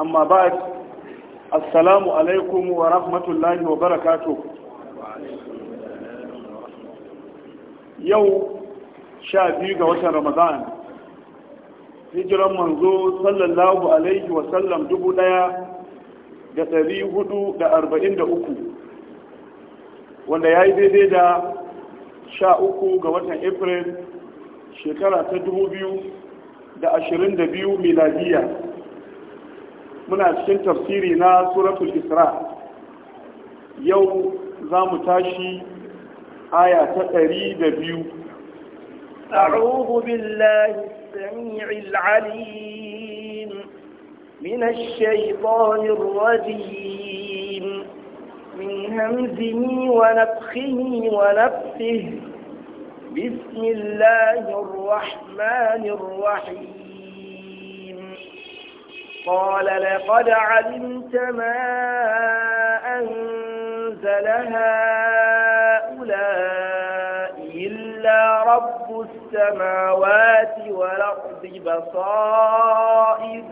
amma ba assalamu alaikum wa rahmatullahi wa barakatu yau sha biyu ga watan ramadan hijiran manzo sallallahu alaihi wa sallam dubu daya da dari hudu da arba'in da uku wanda ya yi daidai da sha uku ga watan april shekara ta dubu biyu da ashirin da biyu miladiyya muna cikin tafsiri na suratul isra yau za mu tashi aya ta ɗari أعوذ بالله السميع العليم من الشيطان الرجيم من همزه ونفخه ونفثه بسم الله الرحمن الرحيم قال لقد علمت ما أنزل هؤلاء إلا رب السماوات والأرض بصائر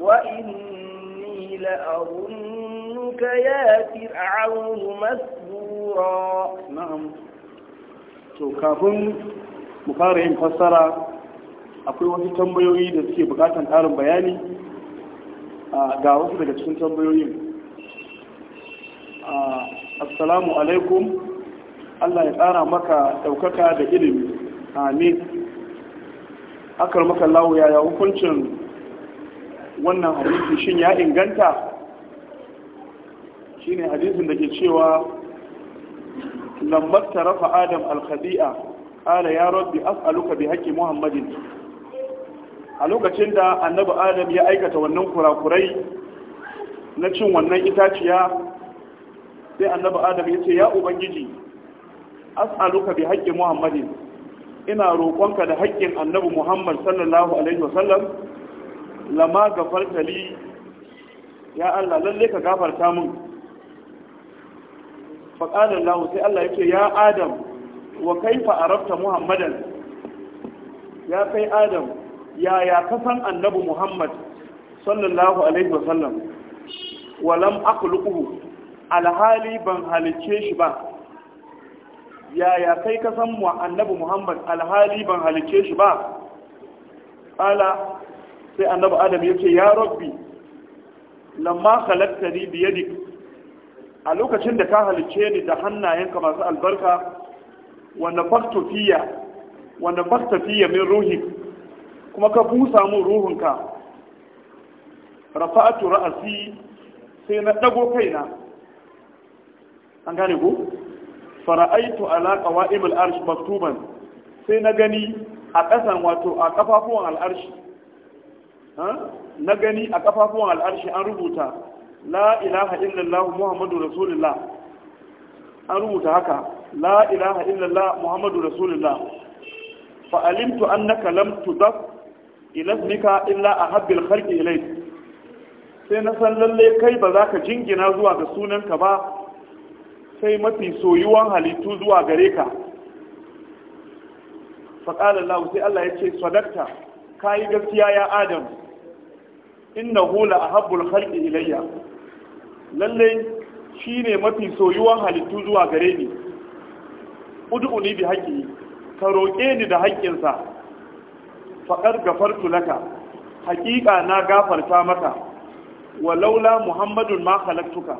وإني لأظنك يا فرعون مسبورا نعم كافون مقارئ فسر أقول وفي tambayoyi da suke bukatan بياني ga wasu daga cikin tambayoyin assalamu alaikum Allah ya tsara maka ɗaukaka da ilimi amin akar maka lawo yaya hukuncin wannan hadisi shin ya inganta shine hadisin da ke cewa lambar tarafa adam al-khadi'a qala ya rabbi as'aluka bi haqqi muhammadin a lokacin da annabi adam ya aikata wannan kurakurai na cin wannan itaciya sai annabi adam ya ce ya ubangiji as'aluka bi haƙƙin muhammadin ina roƙonka da haƙƙin annabi muhammad sallallahu alaihi wasallam lama gafarta li ya allah lalle ka gafarta min faƙalar lahu sai allah ya ce ya adam wa kaifa arabta muhammadan ya kai adam yaya ka san annabi muhammad sallallahu alaihi wasallam walam akhluquhu alhali ban halice shi ba yaya kai ka san mu annabi muhammad alhali ban halice shi ba ala sai annabi adam ce ya rabbi lamma khalaqtani bi yadik a lokacin da ka halice ni da hannayenka masu albarka wanda faktofiya wanda faktofiya min ruhi kuma ka busa mun ruhunka rafa'atu ra'asi sai na dago kaina an gane ku fara'aitu ala qawa'im al-arsh maktuban sai na gani a kasan wato a kafafuwan al-arshi na gani a kafafuwan al-arshi an rubuta la ilaha illallah muhammadu rasulullah an rubuta haka la ilaha illallah muhammadu rasulullah fa alimtu annaka lam tudaf ilasmika illa a habbil khalqi ilayk sai na san lalle kai ba za ka jingina zuwa ga sunanka ba sai mafi soyuwan halittu zuwa gare ka faƙalar lahu sai Allah ya ce sadakta ka yi gaskiya ya adam inna hula a habbul halƙi ilayya lalle shi ne mafi soyuwan halittu zuwa gare ni ni bi haƙƙi ka roƙe ni da haƙƙinsa faƙar gafartu laka haƙiƙa na gafarta maka walaula muhammadun ma halartuka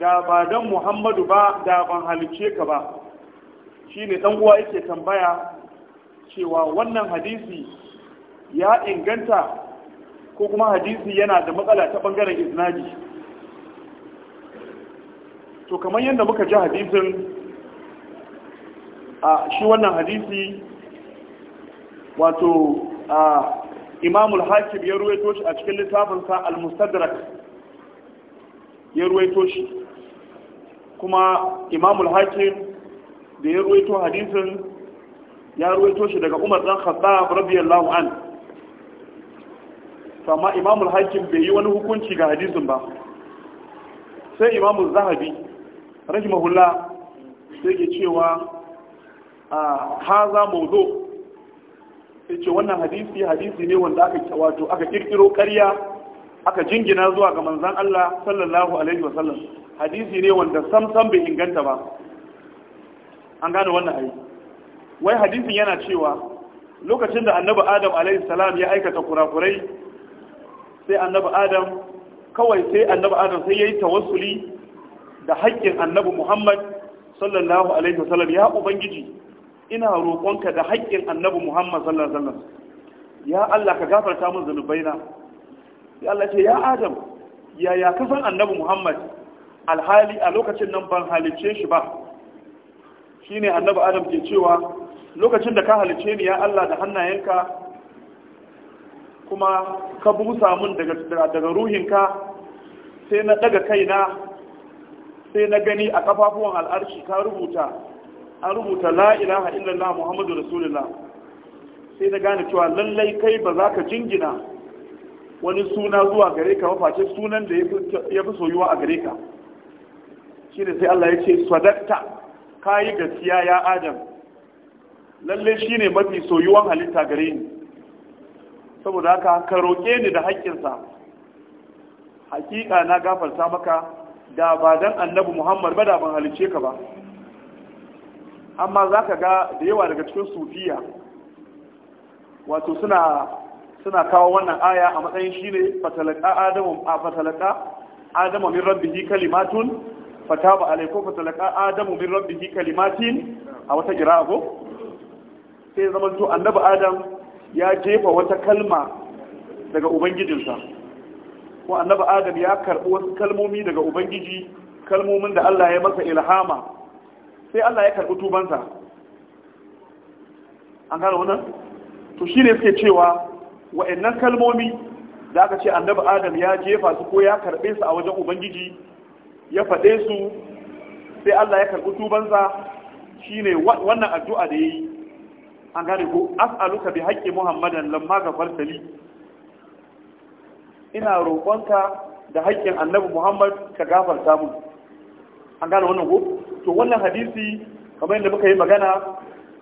da ba don muhammadu ba da ban halicce ka ba shine dan uwa yake tambaya cewa wannan hadisi ya inganta ko kuma hadisi yana da matsala ta ɓangaren isnadi to kamar yadda muka ji hadisin a shi wannan hadisi wato imamul hakim ya ruwaito shi a cikin littafinsa al-mustadrak ya ruwaito shi kuma imamul hakim da ya ruwaito hadisin ya ruwaito shi daga umar dan khattab radiyallahu an amma imamul hakim bai yi wani hukunci ga hadisin ba sai imamul zahabi rahimahullah sai ke cewa haza mawdu' sai ce wannan hadisi hadisi ne wanda aka wato aka kirkiro ƙarya aka jingina zuwa ga manzon Allah sallallahu alaihi wasallam hadisi ne wanda sam sam bai inganta ba an gane wannan ai wai hadisin yana cewa lokacin da annabi Adam alaihi salam ya aikata kurakurai sai annabi Adam kawai sai annabi Adam sai yayi tawassuli da haƙƙin annabi Muhammad sallallahu alaihi wasallam ya ubangiji ina roƙonka da haƙƙin annabi Muhammad sallallahu alaihi wasallam ya Allah ka gafarta min zunubaina ya Allah ce ya Adam ya ka san annabi Muhammad alhali a lokacin nan ban halice shi ba shine annabi Adam ke cewa lokacin da ka halice ni ya Allah da hannayenka kuma ka busa min daga daga ruhinka sai na daga kaina sai na gani a kafafuwan al'arshi ka rubuta an rubuta la ilaha illallah muhammadu rasulullah sai na gane cewa lallai kai ba za ka jingina wani suna zuwa gare ka mafacin sunan da ya fi soyuwa a gare ka shine sai Allah ya ce ka yi gaskiya ya adam lallai shine mafi soyuwan halitta gare ni saboda haka ka roƙe ni da haƙƙinsa hakika na gafarta maka da ba dan annabi Muhammad ba da ban halice ka ba amma za ka ga da yawa daga cikin sufiya wato suna suna kawo wannan aya a matsayin shi ne fatalaka adamu a fatalaka adamu min rabbihi kalimatun fataba alaiko fatalaka adamu min rabbihi kalimatin a wata kira ko sai zaman to annabi adam ya jefa wata kalma daga ubangijinsa ko annabi adam ya karbi wasu kalmomi daga ubangiji kalmomin da Allah ya masa ilhama sai Allah ya karɓi tubansa an gano wannan to shi ne suke cewa wa'annan kalmomi da aka ce annabi adam ya jefa su ko ya karɓe su a wajen ubangiji ya faɗe su sai Allah ya karɓi tubansa shi ne wannan addu'a da ya yi an gane ko as'aluka bi haƙƙi muhammadan lamma ga farsali ina roƙonka da haƙƙin annabi muhammad ka gafarta mu an gane wannan ko to wannan hadisi kamar yadda muka yi magana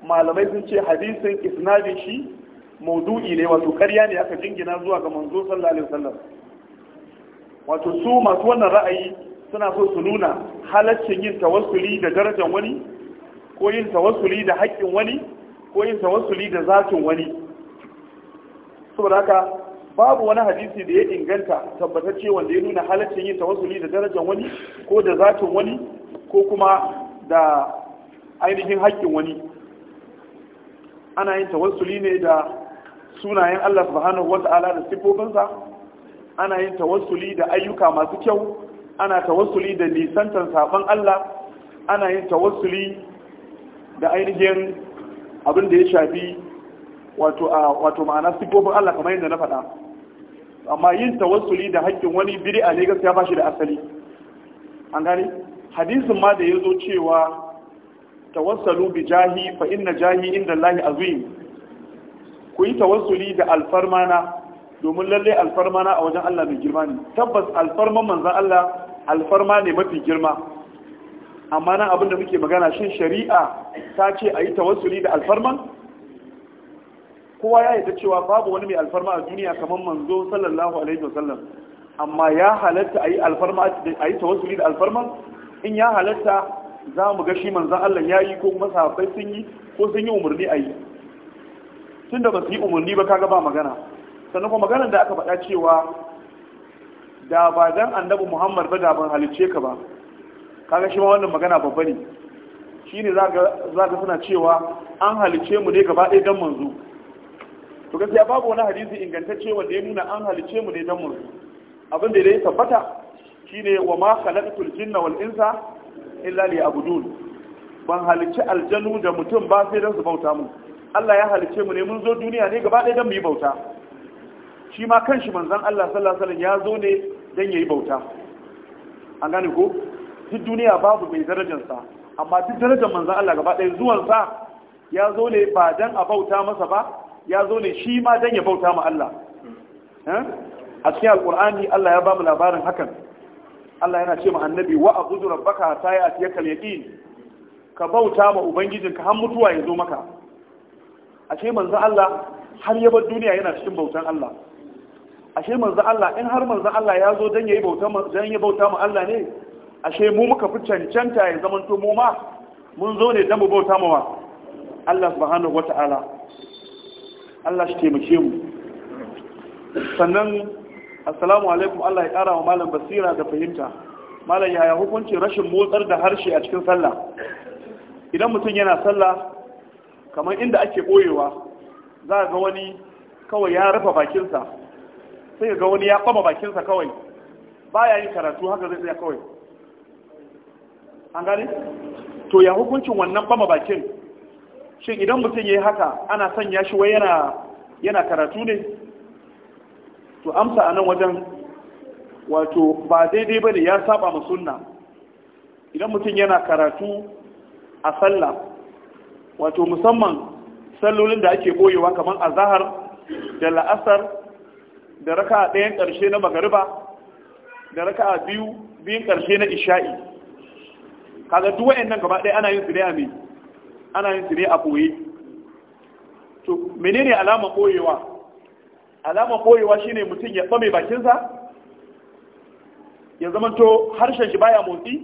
malamai sun ce hadisin isnadin shi maudu'i ne wato ƙarya ne aka jingina zuwa ga manzo sallallahu alaihi wasallam wato su masu wannan ra'ayi suna so su nuna halaccin yin tawassuli da darajar wani ko yin tawassuli da haƙƙin wani ko yin tawassuli da zatin wani saboda haka babu wani hadisi da ya inganta tabbatacce wanda ya nuna halaccin yin tawassuli da darajar wani ko da zatin wani ko kuma da ainihin haƙƙin wani ana yin tawassuli ne da sunayen Allah subhanahu wata'ala da sifofinsa ana yin tawassuli da ayyuka masu kyau ana tawassuli da nisantar sabon Allah ana yin tawassuli da ainihin abin da ya shafi wato a wato ma'ana sifofin Allah kamar yadda na faɗa amma yin tawassuli da haƙƙin wani bid'a ne gaskiya ba shi da asali an gane hadisin ma da ya zo cewa ta wasalu bi jahi fa inna jahi inda Allahi azim ku yi tawassuli da alfarmana domin lalle alfarmana a wajen Allah mai girma ne tabbas alfarman manzan Allah alfarma ne mafi girma amma nan abinda muke magana shin shari'a ta ce a yi tawassuli da alfarman kowa ya yi ta cewa babu wani mai alfarma a duniya kamar manzo sallallahu alaihi wasallam amma ya halatta a yi alfarma a yi tawassuli da alfarman in ya halatta za mu ga shi manzan Allah ya yi ko kuma sun yi ko sun yi umarni a yi tun da ba su yi umarni ba kaga ba magana sannan kuma maganar da aka faɗa cewa da ba dan annabi muhammad ba da ban halicce ka ba kaga shi ma wannan magana babba ne shi ne za ka suna cewa an halicce mu ne gaba ɗaya dan manzo to gaskiya babu wani hadisi ingantacce wanda ya nuna an halicce mu ne dan manzo abin da ya tabbata shine wa ma khalaqtul jinna wal insa illa liya'budun ban halice aljanu da mutum ba sai don su bauta mu Allah ya halicce mu ne mun zo duniya ne gaba ɗaya don mu yi bauta shi ma kanshi manzon Allah sallallahu alaihi wasallam ya zo ne don yayi bauta an gane ko duk duniya babu mai darajar sa amma duk darajar manzon Allah gaba ɗaya zuwan sa ya zo ne ba dan a bauta masa ba ya zo ne shi ma dan ya bauta ma Allah eh? a cikin alqur'ani Allah ya ba mu labarin hakan Allah yana ce ma annabi wa abudu rabbaka hatta ya'tiyakal yaqin ka bauta ma ka har mutuwa ya zo maka ashe manzo Allah har ya bar duniya yana cikin bautan Allah ashe manzo Allah in har manzo Allah ya zo dan yayi bauta dan ya bauta ma Allah ne ashe mu muka fi cancanta ya zaman to mu ma mun zo ne dan mu bauta ma Allah subhanahu wata'ala Allah shi taimake mu sannan assalamu alaikum Allah ya kara wa malam basira da fahimta malam yaya hukunci rashin motsar da harshe a cikin sallah idan mutum yana sallah kamar inda ake boyewa za ga wani kawai ya rufe bakinsa sai ga wani ya kwaba bakinsa kawai baya yin karatu haka zai tsaya kawai an gane to ya hukuncin wannan bama bakin shin idan mutum ya yi haka ana sanya shi wai yana karatu ne to amsa a nan wajen wato ba daidai ba ne ya saba ma sunna idan mutum yana karatu a sallah wato musamman sallolin da ake boyewa kamar azahar da la'asar da raka ɗayan ƙarshe na magariba da raka biyu biyun ƙarshe na isha'i kaga duk wa'annan gaba ɗaya ana yin su ne a me ana yin su ne a boye to menene alamar boyewa Alama koyewa shi ne mutum ya tsame bakinsa ya zama to harshen shi baya motsi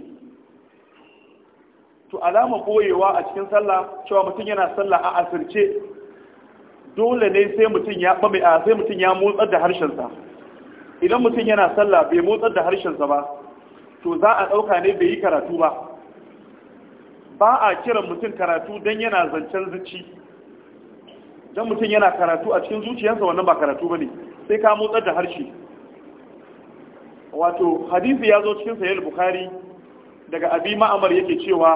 to alama boyewa a cikin sallah cewa mutum yana sallah a asirce dole ne sai mutum ya tsame a sai mutum ya motsar da harshensa idan mutum yana sallah bai motsar da harshensa ba to za a ɗauka ne bai yi karatu ba ba a kiran mutum karatu don yana zancen zuci dan mutum yana karatu a cikin zuciyarsa wannan ba karatu bane sai ka motsar da harshe wato hadisi ya zo cikin sahih bukhari daga abi ma'amar yake cewa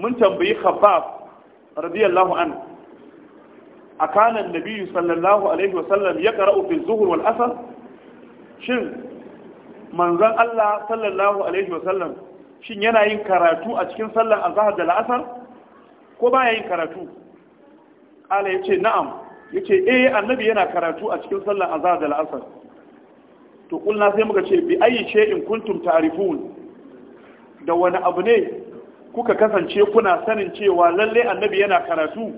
mun tambayi khabbab radiyallahu an akana annabi sallallahu alaihi wa sallam yaqra'u fi zuhur wal asr shin manzon Allah sallallahu alaihi wa shin yana yin karatu a cikin sallar azhar da la'asar ko baya yin karatu ala yace na'am yace eh annabi yana karatu a cikin sallar azhar da al'asr to kulna sai muka ce bi ayi in kuntum ta'rifun da wani abu ne kuka kasance kuna sanin cewa lalle annabi yana karatu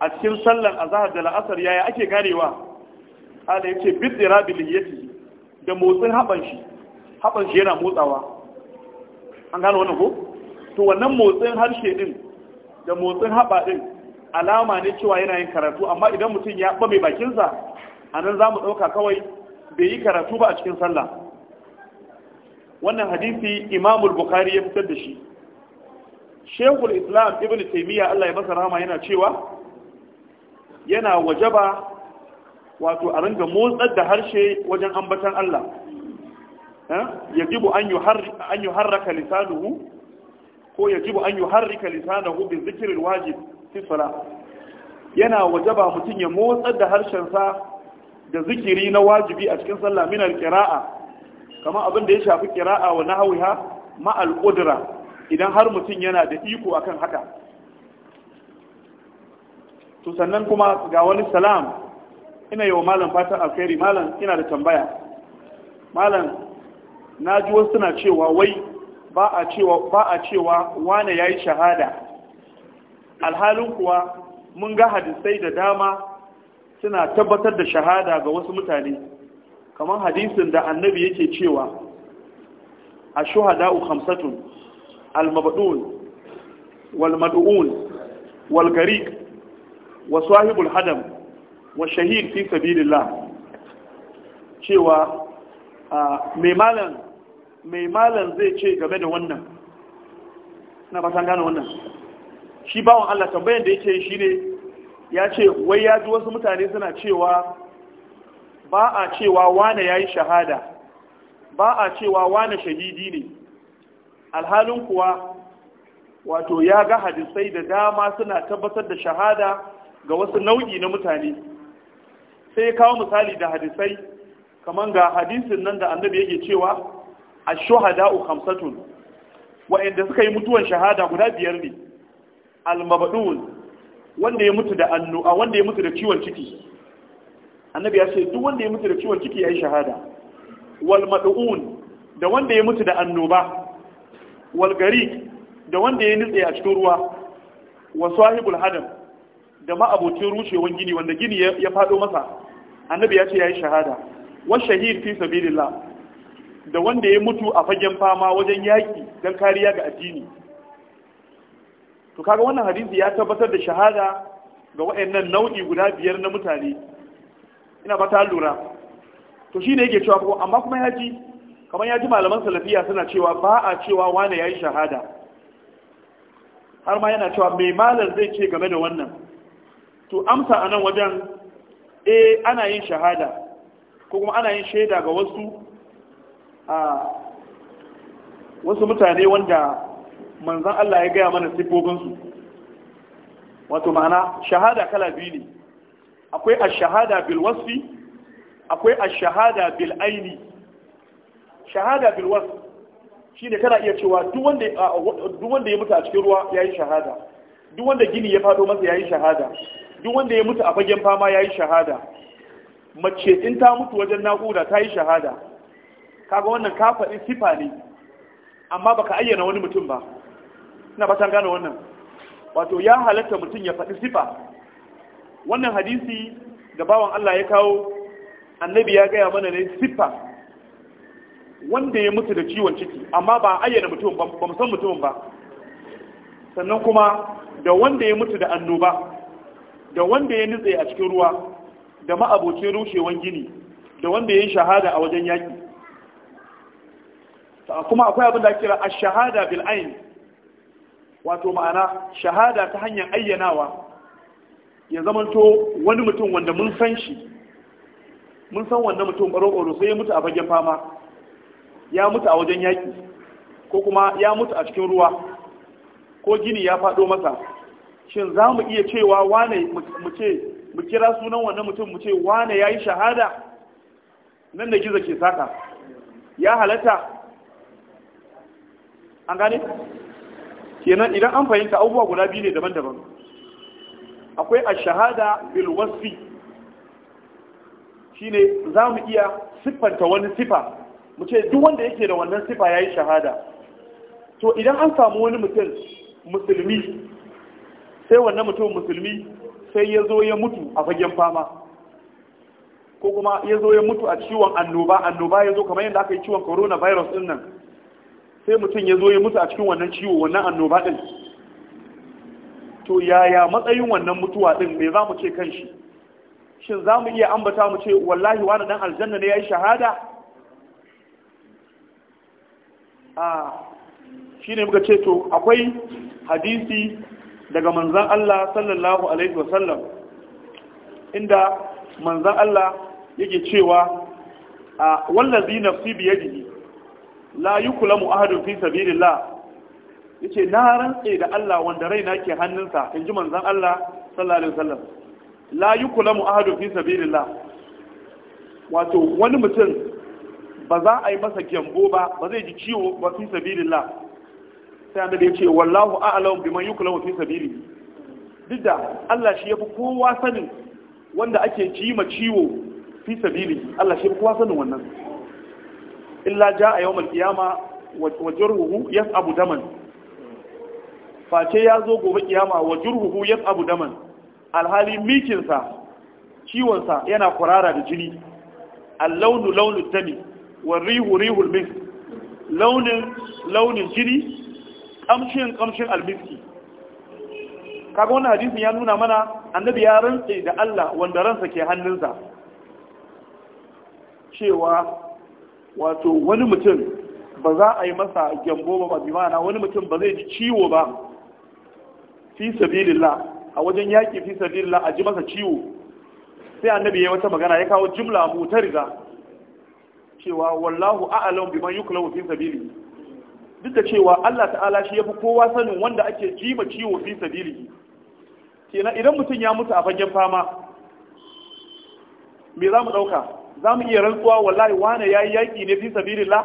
a cikin sallar azhar da al'asr yaya ake ganewa ala yace bi dirabil yati da motsin haban shi haban shi yana motsawa an gano wannan ko to wannan motsin harshe din da motsin haba din alama ne cewa yana yin karatu amma idan mutum ya ba mai bakinsa a nan za mu ɗauka kawai bai yi karatu ba a cikin sallah wannan hadisi imamul bukari ya fitar da shi shekul islam ibn taimiyya allah ya masa rama yana cewa yana wajaba wato a ringa motsar da harshe wajen ambatan allah eh? jibu an yi harraka lisanuhu ko ya jibu an yuharrika lisanahu bi zikirin wajib fi sala yana wajaba mutum ya motsar da harshen sa da zikiri na wajibi a cikin sallah minar kira'a kama abin da ya shafi qira'a wa nahwiha ma kudura idan har mutum yana da iko akan haka to sannan kuma ga wani salam ina yi wa malam fatan alkhairi malam ina da tambaya malam na ji wasu suna cewa wai ba a cewa ba ya yi shahada alhalin kuwa mun ga hadisai da dama suna tabbatar da shahada ga wasu mutane kamar hadisin da annabi yake cewa ashuhada'u khamsatun hamsatun, mabdun wal mad'un wa sahibul hadam wa shahid fi sabilillah cewa ah, mai malam mai malam zai ce game da wannan na fatan gane wannan shi bawan Allah tambayan da yake shi ne ya ce wai ya ji wasu mutane suna cewa ba a cewa wane ya yi shahada ba a cewa wane shahidi ne alhalin kuwa wato ya ga hadisai da dama suna tabbatar da shahada ga wasu nau'i na mutane sai ya kawo misali da hadisai kamar ga hadisin nan da annabi yake cewa ashuhada'u shuhadau khamsatun wa'anda suka yi mutuwan shahada guda biyar ne al-mabdun wanda ya mutu da annu a wanda ya mutu da ciwon ciki annabi ya ce duk wanda ya mutu da ciwon ciki yayi shahada wal mad'un da wanda ya mutu da annoba wal gariq da wanda ya nitse a cikin ruwa wa sahibul hadam da abocin rushewan gini wanda gini ya fado masa annabi ya ce yayi shahada wa shahid fi sabilillah da wanda ya mutu a fagen fama wajen yaƙi don kariya ga addini to kaga wannan hadisi ya tabbatar da shahada ga waɗannan nau'i guda biyar na mutane ina ba ta lura to shi ne yake cewa ko amma kuma ya ji kamar ya ji malaman salafiya suna cewa ba a cewa wane ya yi shahada har ma yana cewa mai malar zai ce game da wannan to amsa a nan wajen eh ana yin shahada ko kuma ana yin shaida ga wasu a wasu mutane wanda manzan Allah ya gaya mana sifofinsu, wato ma'ana shahada kala biyu ne akwai a shahada bil akwai a shahada bil shahada bil shi ne kana iya cewa duk wanda ya mutu a cikin ruwa ya yi shahada duk wanda gini ya fado masa ya yi shahada duk wanda ya mutu a fagen fama ya yi shahada mace in ta mutu wajen naƙuda ta yi shahada kaga wannan ka faɗi sifa ne amma baka ayyana wani mutum ba ina ba gane wannan wato ya halatta mutum ya faɗi sifa wannan hadisi da bawan Allah ya kawo annabi ya gaya mana ne sifa wanda ya mutu da ciwon ciki amma ba ayyana mutum ba ba san mutum ba sannan kuma da wanda ya mutu da annoba da wanda ya nutse a cikin ruwa da ma'abocin rushewan gini da wanda ya yi shahada a wajen yaki kuma akwai abin da ake kira ash-shahada bil ayn wato ma'ana shahada ta hanyar ayyanawa ya zamanto wani mutum wanda mun san shi mun san wannan mutum baro-baro sai ya mutu a fagen fama ya mutu a wajen yaƙi ko kuma ya mutu a cikin ruwa ko gini ya faɗo masa shin za mu iya cewa wane mu ce mu kira sunan wannan mutum mu ce wane ya yi shahada nan da gizo ke saka ya halatta an gane kenan idan an fahimta abubuwa guda biyu ne daban-daban akwai a shahada bil shi ne za mu iya siffanta wani sifa mu ce duk wanda yake da wannan sifa ya yi shahada to idan an samu wani mutum musulmi sai wannan mutum musulmi sai ya zo ya mutu a fagen fama ko kuma ya zo ya mutu a ciwon annoba annoba ya zo kamar yadda aka yi ciwon coronavirus din nan sai mutum ya zo ya mutu a cikin wannan ciwo wannan annoba din to yaya matsayin wannan mutuwa din me za mu ce kan shi shin za mu iya ambata mu ce wallahi wani dan aljanna ne ya yi shahada a shi ne muka ce to akwai hadisi daga manzan Allah sallallahu alaihi wasallam inda manzan Allah yake cewa a wallazi nafsi biyadihi la yuklamu ahadun fi sabilillah yace na rantse da Allah wanda raina ke hannunsa ji manzon Allah sallallahu alaihi wasallam la yuklamu ahadun fi sabilillah wato wani mutum ba za a yi masa gyambo ba ba zai ji ciwo ba fi sabilillah sai annabi yace wallahu a'lamu biman yukulamu fi sabili duk da Allah shi yafi kowa sanin wanda ake ji ma ciwo fi sabili Allah shi yafi kowa sanin wannan illa ja a yawon kiyama wa jirhuhu yas abu daman face ya zo gobe kiyama wa jirhuhu yas abu daman alhali mikinsa ciwonsa yana kurara da jini allaunu launin dami wa rihu rihul mis launin launin jini kamshin kamshin albiski kaga wannan hadisin ya nuna mana annabi ya rantse da Allah wanda ransa ke hannunsa cewa wato wani mutum ba za a yi masa gyambo ba bi mana wani mutum ba zai ji ciwo ba fi sabilillah a wajen yaƙi fi sabilillah a ji masa ciwo sai annabi ya wata magana ya kawo jimla jumla riga cewa wallahu a'lam biman yuklawu fi sabili duk da cewa Allah ta'ala shi fi kowa sanin wanda ake jima ciwo fi sabili kenan idan mutum ya mutu a fagen fama me za mu dauka za mu iya rantsuwa wallahi wane ya yi yaƙi ne fi sabilillah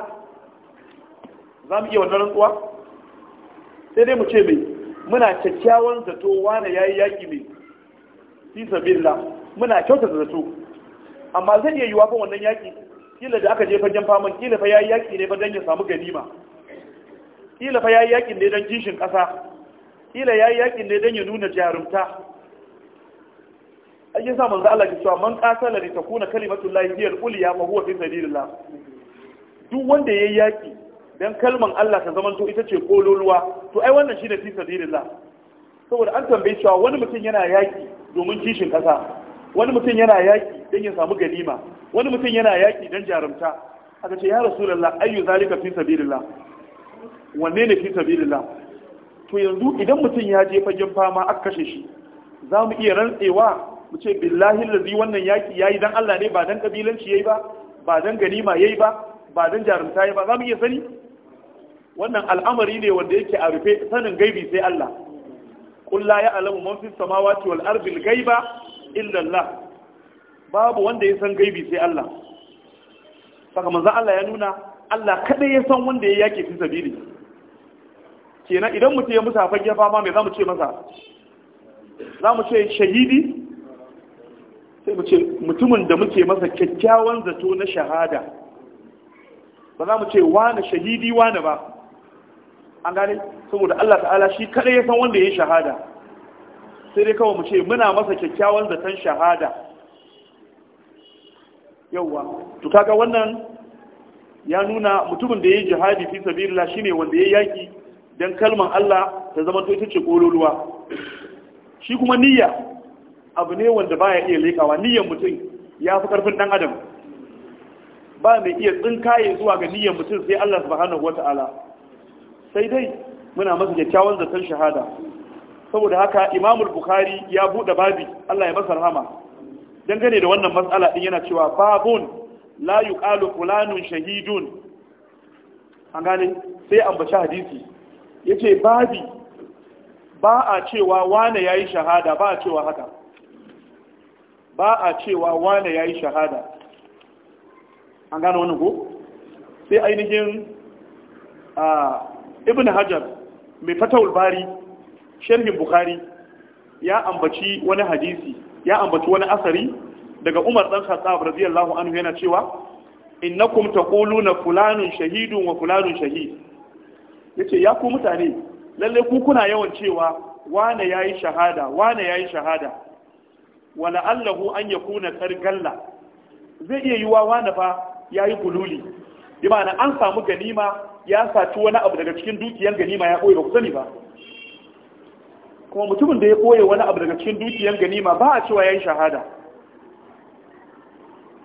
za mu iya wannan rantsuwa sai dai mu ce mai muna kyakkyawan zato wane ya yi yaƙi ne fi sabilillah muna kyauta zato amma zai iya yiwa fa wannan yaƙi kila da aka je fagen faman kila fa ya yi yaƙi ne fa don ya samu ganima kila fa ya yi yaƙin ne don kishin ƙasa kila ya yi yaƙin ne don ya nuna jarumta ake sa manzo Allah ke cewa man qatala li takuna kalimatu llahi hiya al-ulya fa huwa fi sabilillah duk wanda yayi yaki dan kalman Allah ta zamanto ita ce kololuwa to ai wannan shine fi sabilillah saboda an tambaye cewa wani mutum yana yaki domin kishin kasa wani mutum yana yaki dan ya samu ganima wani mutum yana yaki dan jarumta aka ce ya rasulullah ayyu zalika fi sabilillah wanne ne fi sabilillah to yanzu idan mutum ya je fagen fama aka kashe shi za mu iya rantsewa mu ce billahi lazi wannan yaki yayi dan Allah ne ba dan kabilanci yayi ba ba dan ganima yayi ba ba dan jarumta yayi ba za mu iya sani wannan al'amari ne wanda yake a rufe sanin gaibi sai Allah qul la ya'lamu man fi samawati wal ardi al ghaiba illa Allah babu wanda ya san gaibi sai Allah saka manzo Allah ya nuna Allah kadai ya san wanda ya yake fi sabili kenan idan mutum ya musafa ya fama za mu ce masa Za mu ce shahidi sai mu ce mutumin da muke masa kyakkyawan zato na shahada ba za mu ce wane shahidi wane ba an gane saboda Allah ta'ala shi kada ya san wanda ya shahada sai dai kawai mu ce muna masa kyakkyawan zaton shahada yauwa to kaga wannan ya nuna mutumin da ya yi jihadi fi sabilillah shine wanda ya yi yaki dan kalman Allah ta zama to ita ce kololuwa shi kuma niyya abu ne wanda ba ya iya lekawa niyyar mutum ya fi karfin ɗan adam ba mai iya tsinkaye zuwa ga niyyar mutum sai Allah subhanahu ta'ala. sai dai muna masa kyakkyawan zaton shahada saboda haka Imamul Bukhari ya buɗe babi Allah ya masa rahama dangane da wannan matsala ɗin yana cewa babun la yuqalu fulanun shahidun an gane sai ambaci hadisi yace babi ba a cewa wane yi shahada ba a cewa haka ba a cewa wane ya yi shahada an gane wani ko sai ainihin ibn hajar mai fatawul bari sharhin bukhari ya ambaci wani hadisi ya ambaci wani asari daga umar dan khattab radiyallahu anhu yana cewa innakum taquluna fulanun shahidun wa fulanun shahid yace ya ku mutane lalle ku kuna yawan cewa wane yayi shahada wane yayi shahada wa allahu an yakuna sargalla zai iya yi wawa na fa yayi gululi bi ma'ana an samu ganima ya saci wani abu daga cikin dukiyar ganima ya koyi ku sani ba kuma mutumin da ya koya wani abu daga cikin dukiyar ganima ba a cewa yayi shahada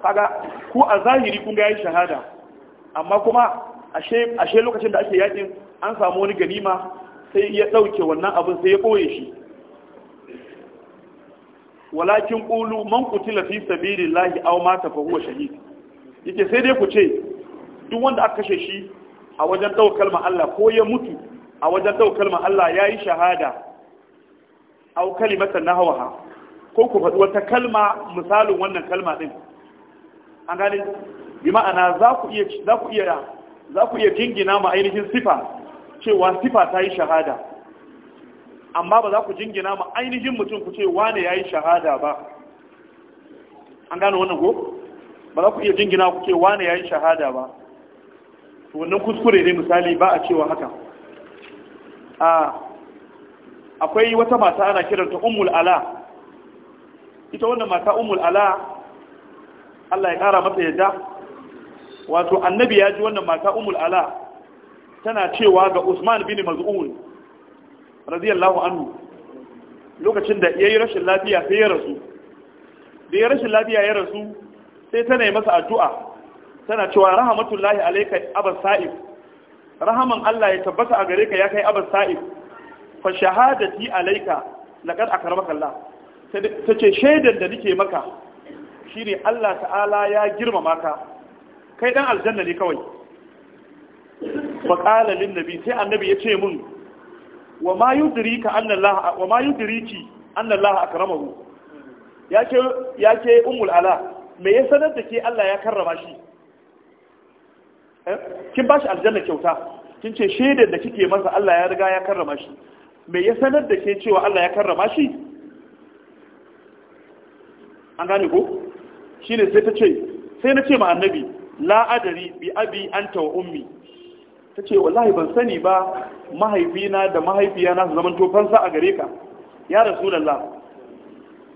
kaga ku a zahiri kun ga yayi shahada amma kuma ashe ashe lokacin da ake yakin an samu wani ganima sai ya ɗauke wannan abin sai ya koye shi walakin qulu man qutila fi sabilillahi aw mata fa huwa shahid yake sai dai ku ce duk wanda aka kashe shi a wajen daukar kalmar Allah ko ya mutu a wajen daukar kalmar Allah yayi shahada aw na nahwaha ko ku faɗi wata kalma misalin wannan kalma ɗin? an gane bi ma'ana za ku iya za ku iya za ku iya jingina ma ainihin sifa cewa sifa ta yi shahada amma ba za ku jingina ma ainihin mutum ku ce wane ya yi shahada ba an gano wannan go? ba za ku iya jingina ku ce wane ya yi shahada ba to wannan kuskure ne misali ba a cewa haka a akwai wata mata ana kiranta ummul ala ita wannan mata ummul ala Allah ya kara mata yadda wato annabi ya ji wannan mata ummul ala tana cewa ga Usman bin Maz'un radiyallahu anhu lokacin da yayi rashin lafiya sai ya rasu da ya rashin lafiya ya rasu sai tana yi masa addu'a tana cewa rahmatullahi alayka abas sa'ib rahaman Allah ya tabbata a gare ka ya kai abas sa'ib fa shahadati alayka laqad akramaka Allah tace shaidan da nake maka shine Allah ta'ala ya girmama ka kai dan aljanna ne kawai fa qala lin nabi sai annabi ya ce mun wa ma yudrika ki annan wa a yudriki anna ya akramahu yake ala me ya sanar da ke Allah ya karrama shi eh, kin bashi aljanna kyauta kin ce shaidar da kike masa Allah ya riga ya karrama shi me ya sanar da ke cewa Allah ya karrama shi an gane ko shine sai ta ce sai na ce ma annabi la'adari bi abi ta wa ummi ta ce wallahi ban sani ba mahaifina da mahaifiyana su zaman tofansa a gare ka ya rasulallah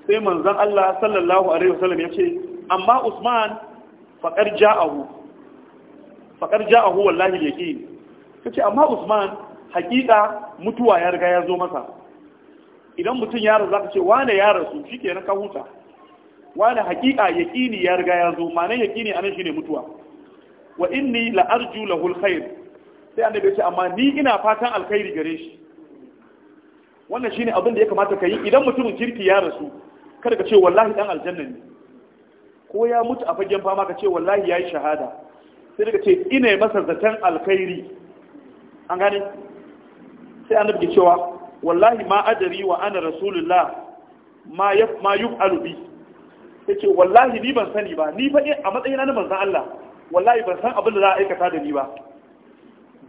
sai manzan Allah sallallahu alaihi wasallam ya ce amma Usman faƙar ja'ahu faƙar ja'ahu wallahi yaqin kace amma Usman hakika mutuwa ya riga ya zo masa idan mutum ya rasu zaka ce wane ya rasu shikenan ka huta wane hakika yaqini ya riga ya zo ma'anar yaqini anan shine mutuwa wa inni la arju sai annabi ya ce amma ni ina fatan alkhairi gare shi wannan shine abin da ya kamata ka yi idan mutumin kirki ya rasu kada ka ce wallahi dan aljanna ne ko ya mutu a fagen fama ka ce wallahi yayi shahada sai daga ce ina masa zaton alkhairi an gane sai annabi ke cewa wallahi ma adari wa ana rasulullah ma ya ma bi ce wallahi ni ban sani ba ni fa eh, a matsayina na manzon Allah wallahi ban san abin da za a aikata da ni ba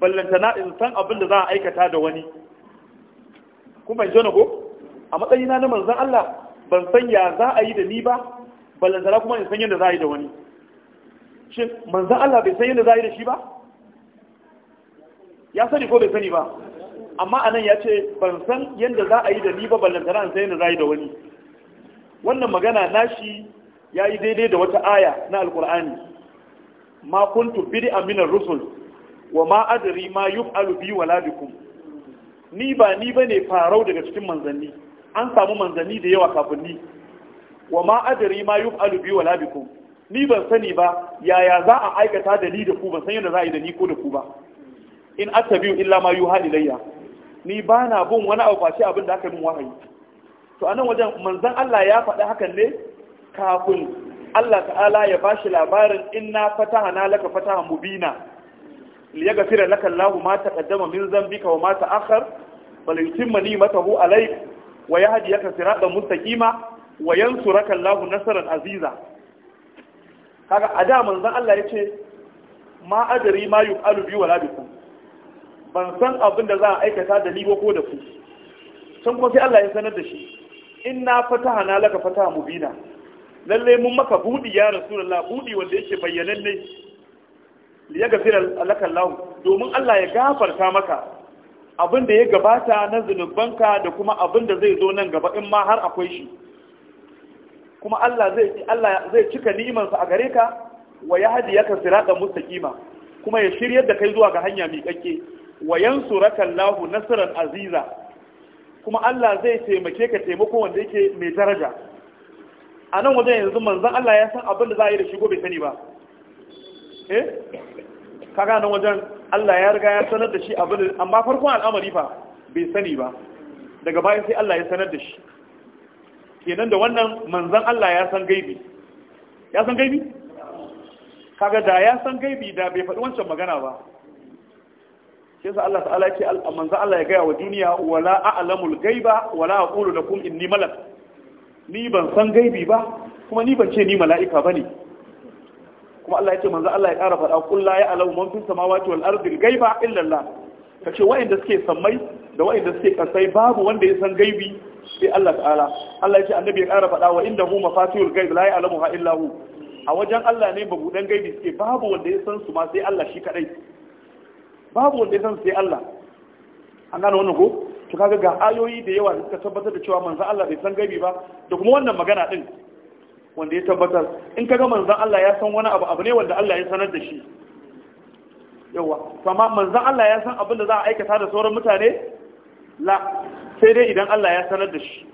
na in san abin da za a aikata da wani ku fahimci jona ko a matsayina na manzan Allah ban san ya za a yi da ni ba ballantana kuma in san yadda za a yi da wani shin manzan Allah bai san yadda za a yi da shi ba ya sani ko bai sani ba amma anan ya ce ban san yadda za a yi da ni ba na in san yadda za a yi da wani wannan magana nashi ya yi daidai da wata aya na alkur'ani ma kuntu bid'a minar rusul wa ma adri ma yub'alu bi wala bikum ni ba ni bane farau daga cikin manzanni an samu manzanni da yawa kafin ni wa ma adri ma yub'alu bi wala bikum ni ban sani ba yaya za a aikata da ni da ku ban san yadda za a yi da ni ko da ku ba in attabi'u illa ma yuha ilayya ni ba na bin wani abu face abin da aka min wahayi to anan wajen manzan Allah ya faɗi hakan ne kafin Allah ta'ala ya bashi labarin inna fatahana laka fatahan mubina liyagafira laka Allahu ma taqaddama min dhanbika wa ma ta'akhkhar falyutimma ni'matahu alayk wa yahdiyaka siratan mustaqima wa yansuraka Allahu nasran aziza kaga a da manzon Allah yace ma adri ma yuqalu bi wala ban san abin da za a aikata da ni ko da ku san ko sai Allah ya sanar da shi inna fatahana laka fataha mubina lalle mun maka budi ya rasulullah budi wanda yake bayyanan ne liyaghfira lakal lahu domin Allah ya gafarta maka abin da ya gabata na zunubanka da kuma abin da zai zo nan gaba in ma har akwai shi kuma Allah zai Allah zai cika ni'imansa a gare ka wa yahdiyaka siratan mustaqima kuma ya shiryar da kai zuwa ga hanya miƙaƙƙe wa yansuraka Allahu nasran aziza kuma Allah zai taimake ka taimako wanda yake mai daraja a nan wajen yanzu manzon Allah ya san abin da za a yi da shi gobe sani ba eh kaga nan wajen Allah ya riga ya sanar da shi abin amma farkon al'amari fa bai sani ba daga bayan sai Allah ya sanar da shi kenan da wannan manzon Allah ya san gaibi ya san gaibi kaga da ya san gaibi da bai faɗi wancan magana ba sai sa Allah ta'ala ce manzon Allah ya gaya wa duniya wala a'lamul gaiba wala aqulu lakum inni malak ni ban san gaibi ba kuma ni ban ce ni mala'ika bane kuma Allah ya ce manzo Allah ya ƙara faɗa kul la ya'lamu man fis samawati wal ardi ghaiba illa Allah kace wa'inda suke sammai da wa'inda suke kasai babu wanda ya san gaibi sai Allah ta'ala Allah ya ce annabi ya ƙara faɗa wa innahu mafatihul ghaib la ha illa hu a wajen Allah ne babu dan gaibi suke babu wanda ya san su ma sai Allah shi kadai babu wanda ya san sai Allah an gano wannan ko to kaga ga ayoyi da yawa da suka tabbatar da cewa manzo Allah bai san gaibi ba da kuma wannan magana din wanda ya tabbatar in kaga manzan Allah ya san wani abu abu ne wanda Allah ya sanar da shi yawa amma manzan Allah ya san abin da za a aikata da sauran mutane la sai dai idan Allah ya sanar da shi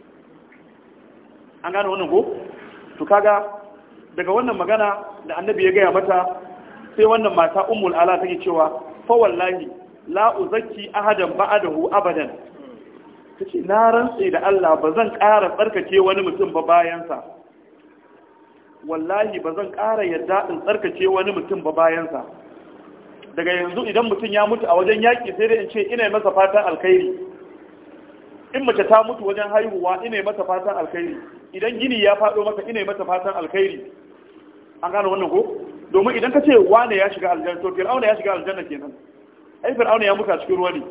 an gane wannan ko to kaga daga wannan magana da annabi ya gaya mata sai wannan mata ummul ala take cewa fa wallahi la uzaki ahadan ba'dahu abadan tace na rantsa da Allah ba zan ƙara tsarkake wani mutum ba bayansa. wallahi ba zan ƙara yadda in tsarkace wani mutum ba bayansa daga yanzu idan mutum ya mutu a wajen yaƙi sai dai in ce ina masa fatan alkhairi in mace ta mutu wajen haihuwa ina masa fatan alkhairi idan gini ya faɗo masa ina masa fatan alkhairi an gane wannan ko domin idan ka ce wane ya shiga aljanna to fir'auna ya shiga aljanna kenan ai fir'auna ya mutu a cikin ruwa ne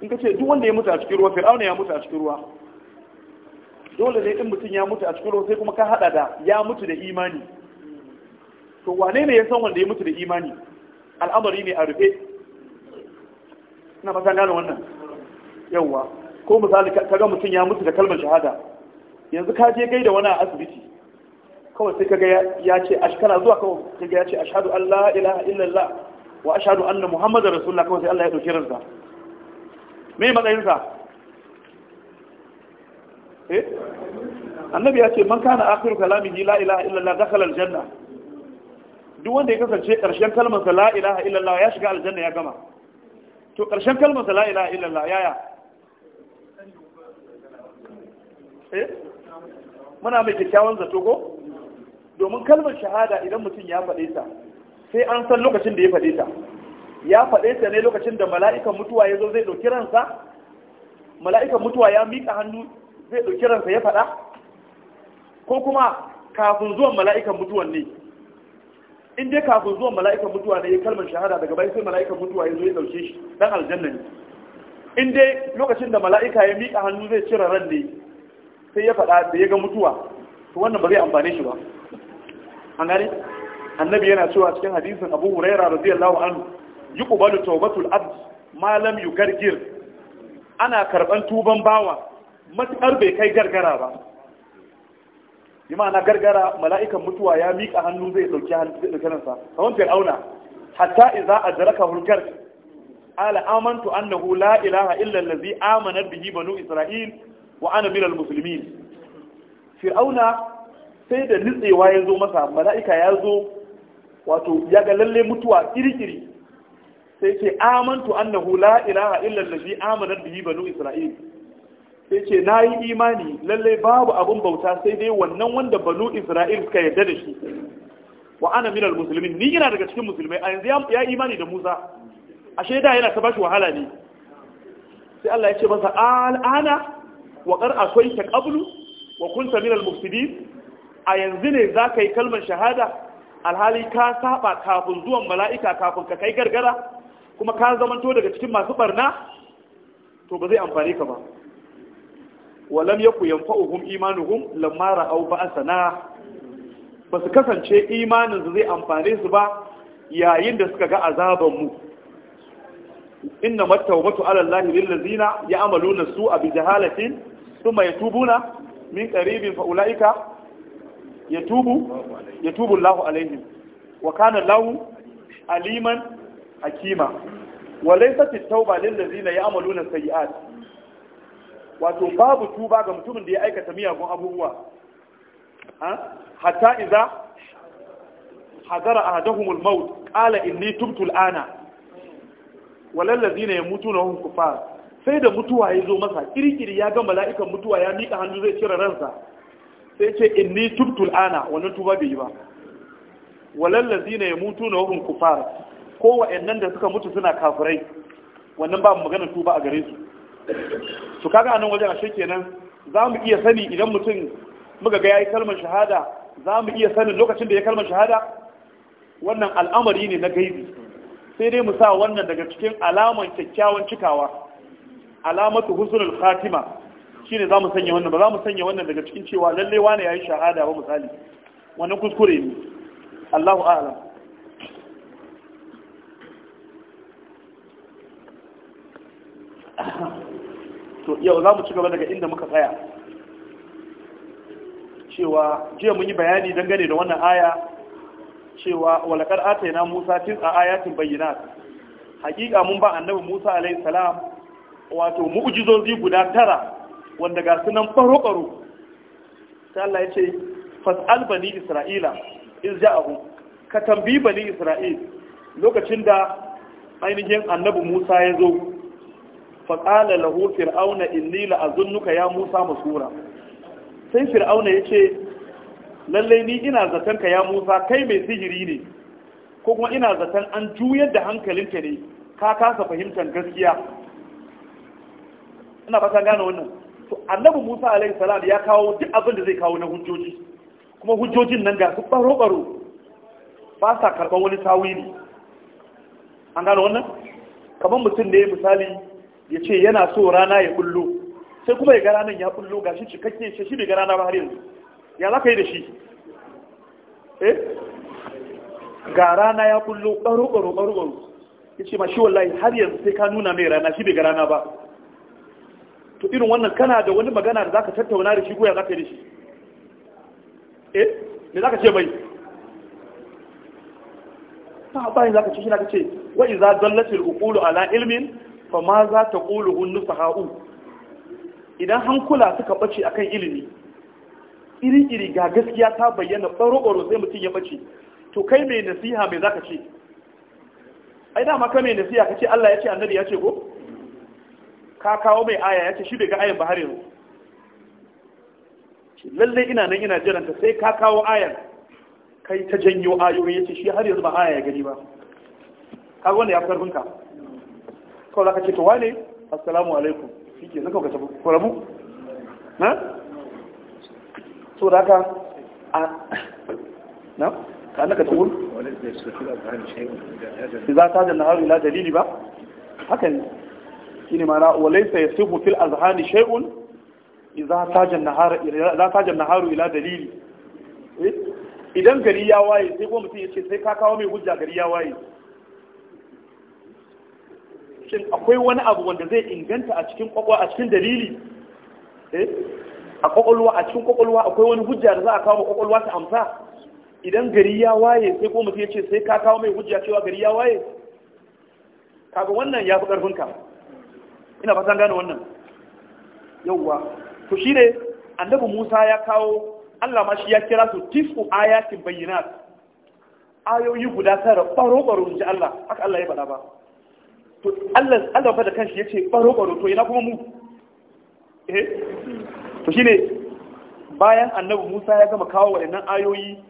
in ka ce duk wanda ya mutu a cikin ruwa fir'auna ya mutu a cikin ruwa dole ne in mutum ya mutu a cikin ruwa sai kuma ka hada da ya mutu da imani to wane ne ya san wanda ya mutu da imani al'amari ne a rufe ina fata gane wannan yawwa ko misali kaga mutum ya mutu da kalmar shahada yanzu ka je gaida wani a asibiti kawai sai kaga ya ce a shekara zuwa kawai kaga ya ce a shahadu Allah ilaha illallah wa a shahadu anna Muhammadu rasulullah kawai sai Allah ya dauki ransa me matsayinsa eh annabi ya ce man kana akhiru kalamihi la ilaha illallah dakhala aljanna duk wanda ya kasance karshen kalmar sa la ilaha illallah ya shiga aljanna ya gama to karshen kalmar sa la ilaha illallah yaya eh muna mai kyakkyawan zato ko domin kalmar shahada idan mutum ya faɗe ta sai an san lokacin da ya faɗe ta ya faɗe ta ne lokacin da mala'ikan mutuwa ya zo zai ɗauki ransa mala'ikan mutuwa ya miƙa hannu zai ɗauki ransa ya faɗa ko kuma kafin zuwan mala'ikan mutuwan ne in dai kafin zuwan mala'ikan mutuwa ne ya kalmar shahada daga bai sai mala'ikan mutuwa ya zo ya ɗauke shi ɗan aljanna ne in lokacin da mala'ika ya miƙa hannu zai cire ran ne sai ya faɗa da ya ga mutuwa to wannan ba zai amfane shi ba an gane annabi yana cewa cikin hadisin abu huraira radiyallahu anhu yuqbalu tawbatul abd Malam lam yugargir ana karban tuban bawa matuƙar bai kai gargara ba yi ma'ana gargara mala'ikan mutuwa ya miƙa hannu zai ɗauki hannukansa kamar fir'auna hatta iza a jaraka hulgar ala amantu annahu la ilaha illa allazi amanar bihi banu isra'il wa ana minal Musulmin. fir'auna sai da nitsewa ya zo masa mala'ika ya zo wato ya ga lalle mutuwa kirkiri sai ce amantu annahu la ilaha illa allazi amanar bihi banu isra'il sai ce na yi imani lallai babu abin bauta sai dai wannan wanda banu isra'il suka yarda da shi wa ana minal musulmin ni yana daga cikin musulmai a yanzu ya imani da musa ashe da yana ta bashi wahala ne sai Allah ya ce masa al'ana wa kar akwai ta kablu wa kunta minal mufsidin a yanzu ne za ka yi kalmar shahada alhali ka saba kafin zuwan mala'ika kafin ka kai gargara kuma ka zamanto daga cikin masu barna to ba zai amfane ka ba walam yaku yanfa'uhum imanuhum lamma ra'aw ba'sana ba su kasance imanin su zai amfane su ba yayin da suka ga azaban mu inna mattawbatu ala allahi lil ladzina ya'maluna su'a bi jahalatin thumma yatubuna min qaribin fa ulaika yatubu yatubu allahu alaihim wa kana allahu aliman hakima wa laysat at-tawba lil ladzina ya'maluna sayyi'at wato babu tuba ga mutumin da ya aikata miyagun abubuwa hatta idza hadara ahaduhumul maut qala inni tubtu al'ana walal mutu na hum kufar sai da mutuwa ya zo masa kirkiri ya ga mala'ikan mutuwa ya miƙa hannu zai cire ransa sai ce inni tubtu al'ana wannan tuba bai yi ba walal mutu na hum kufar ko wa'annan da suka mutu suna kafirai wannan ba mu magana tuba a gare su su kaga anan wajen ashe kenan za mu iya sani idan mutum muka ga yayi kalmar shahada za mu iya sanin lokacin da ya kalmar shahada wannan al'amari ne na gaibi sai dai mu sa wannan daga cikin alaman kyakkyawan cikawa alamatu husnul khatima shine za mu sanya wannan ba za mu sanya wannan daga cikin cewa lalle wani yayi shahada ba misali wannan kuskure ne Allahu a'lam Thank you. to yau za mu ci gaba daga inda muka tsaya cewa jiya mun yi bayani dangane da wannan aya cewa walakar ataina musa tun a ayatin bayyana hakika mun ba annabi musa alaihi salam wato mu'jizozi guda tara wanda ga sunan faro-faro ta Allah ya ce fas'al bani isra'ila in iz a ka tambi bani isra'il lokacin da ainihin annabi musa ya zo faƙala lahu fir'auna inni la'azunnuka ya musa masura sai fir'auna ya ce lallai ni ina zaton ka ya musa kai mai sihiri ne ko kuma ina zaton an juyar da hankalinka ne ka kasa fahimtar gaskiya ina ba fata gane wannan to annabi musa alaihi salam ya kawo duk abin da zai kawo na hujjoji kuma hujjojin nan ga su baro baro ba sa karɓar wani tawili an gane wannan kamar mutum ne misali ya ce yana so rana ya bullo sai kuma ya ga ranar ya bullo ga shi cikakke ce shi bai ga rana ba har yanzu ya za ka yi da shi eh ga rana ya bullo ɓaro ɓaro ɓaro ɓaro ya ce mashi wallahi har yanzu sai ka nuna mai rana shi bai ga rana ba to irin wannan kana da wani magana da za ka tattauna da shi ya za ka yi da shi eh me za ka ce mai ta bayan za ka ce shi na ka ce za iza ukulu uqulu ala ilmin fa ma za ta ƙulu hunnu saha'u idan hankula suka ɓace akan ilimi iri-iri ga gaskiya ta bayyana ɓaro-ɓaro sai mutum ya ɓace to kai mai nasiha mai za ka ce ai dama ka mai nasiha ka ce Allah ya ce annabi ya ce ko ka kawo mai aya ya ce shi bai ga ayan ba har yanzu lallai ina nan ina jiranta sai ka kawo ayan kai ta janyo ayoyi ya ce shi har yanzu ba aya ya gani ba kaga wanda ya fi karfinka kawai za ka ce to wane assalamu alaikum shi ke zaka kace kurabu na so da haka a na ka annaka ta wuri za ta da naharu ila dalili ba haka ne shine ne mana yasihu fil azhani shay'un idza taja an za ila taja an ila dalili eh? idan gari ya waye sai kuma mutum ya ce sai ka kawo mai hujja gari ya waye shin akwai wani abu wanda zai inganta a cikin kwakwa a cikin dalili eh? a kwakwalwa a cikin kwakwalwa akwai wani hujja da za a kawo kwakwalwa ta amsa idan gari ya waye sai ko mutum ya ce sai ka kawo mai hujja cewa gari ya waye kaga wannan ya fi ƙarfinka ina fatan gane wannan yauwa to shi ne annabi musa ya kawo allah ma shi ya kira su tifu ayatin bayyana. ayoyi guda tara ɓaro-ɓaro in ji allah haka allah ya faɗa ba to Allah Allah fa da kanshi yace baro baro to ina kuma mu eh to shine bayan annabi Musa ya gama kawo waɗannan ayoyi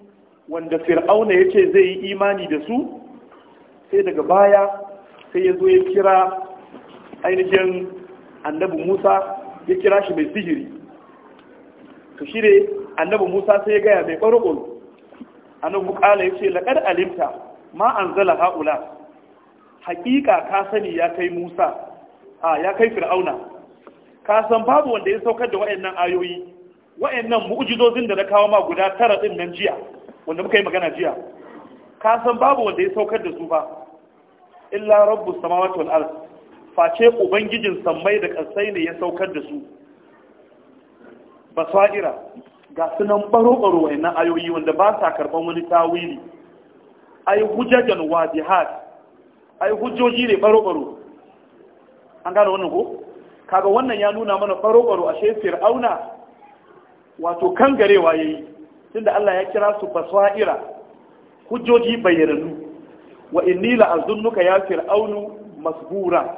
wanda Fir'auna ce zai yi imani da su sai daga baya sai ya zo ya kira ainihin annabi Musa ya kira shi mai sihiri to shi ne annabi Musa sai ya gaya mai ɓarɓar annabu kala ya ce laƙar alimta ma an zala ha'ula hakika ka sani ya kai Musa a ya kai Fir'auna ka san babu wanda ya saukar da wayannan ayoyi wayannan mu'jizozin da na kawo ma guda tara din nan jiya wanda muka yi magana jiya ka san babu wanda ya saukar da su ba illa rabbus samawati wal ard face ubangijin sammai da kasai ne ya saukar da su basaira ga sunan baro-baro wayannan ayoyi wanda ba sa karban wani tawili ay hujajan wadihat ai hujjoji ne baro-baro an gane wannan ko kaga wannan ya nuna mana baro-baro ashe fir'auna wato kan garewa yayi tunda Allah ya kira su fasaira hujjoji bayyananu wa inni la azunnuka ya fir'aunu masbura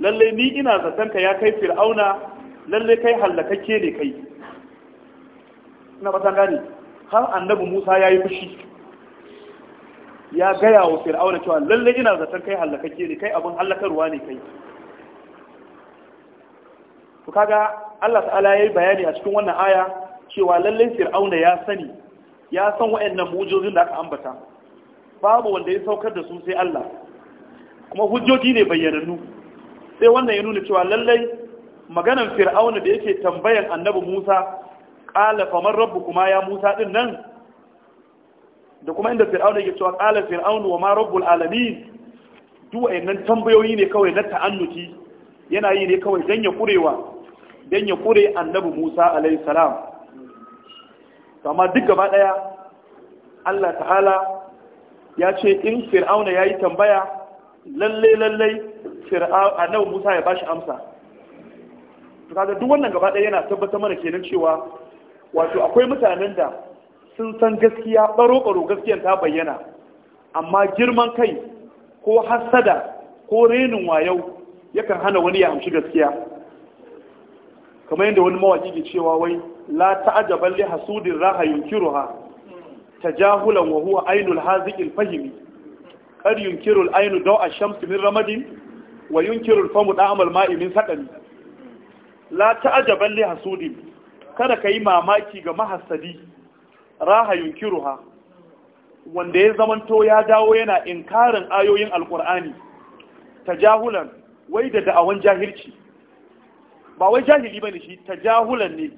lalle ni ina zaton ka ya kai fir'auna lalle kai hallakakke ne kai ina ba gane har annabi Musa yayi fushi ya gaya wa fir'auna cewa lallai ina zaton kai halakakke ne kai abin halakarwa ne kai to kaga Allah ta'ala yayi bayani a cikin wannan aya cewa lallai fir'auna ya sani ya san wayannan mujojin da aka ambata babu wanda ya saukar da su sai Allah kuma hujjoji ne bayyanannu sai wannan ya nuna cewa lallai maganan fir'auna da yake tambayan annabi Musa qala faman rabbukuma ya Musa din nan da kuma inda fir'auna yake cewa qala fir'aunu wa ma rabbul alamin duk wayannan tambayoyi ne kawai na ta'annuti yana yi ne kawai dan ya kurewa dan ya kure annabi Musa alaihi salam amma duk gaba daya Allah ta'ala ya ce in fir'auna yayi tambaya lalle lalle fir'auna annabi Musa ya bashi amsa to kaga duk wannan gaba daya yana tabbatar mana kenan cewa wato akwai mutanen da sun san gaskiya ɓaro-ɓaro, gaskiyar ta bayyana amma girman kai ko hassada ko renin wayau yakan hana wani ya amshi gaskiya kamar yadda wani mawaki ke cewa wai la ta'ajaban li hasudin raha yunkiruha tajahulan wa huwa ainul haziqil fahimi qad yunkiru al don a shamsu min ramadin wa yunkiru famu da'amal ma'i min sadani la ta'ajaban li hasudin kada kai mamaki ga mahasadi. raha yunkiruha wanda ya zamanto ya dawo yana inkarin ayoyin alkur'ani jahulan, wai da da'awan jahilci ba wai jahili ne shi ta jahulan ne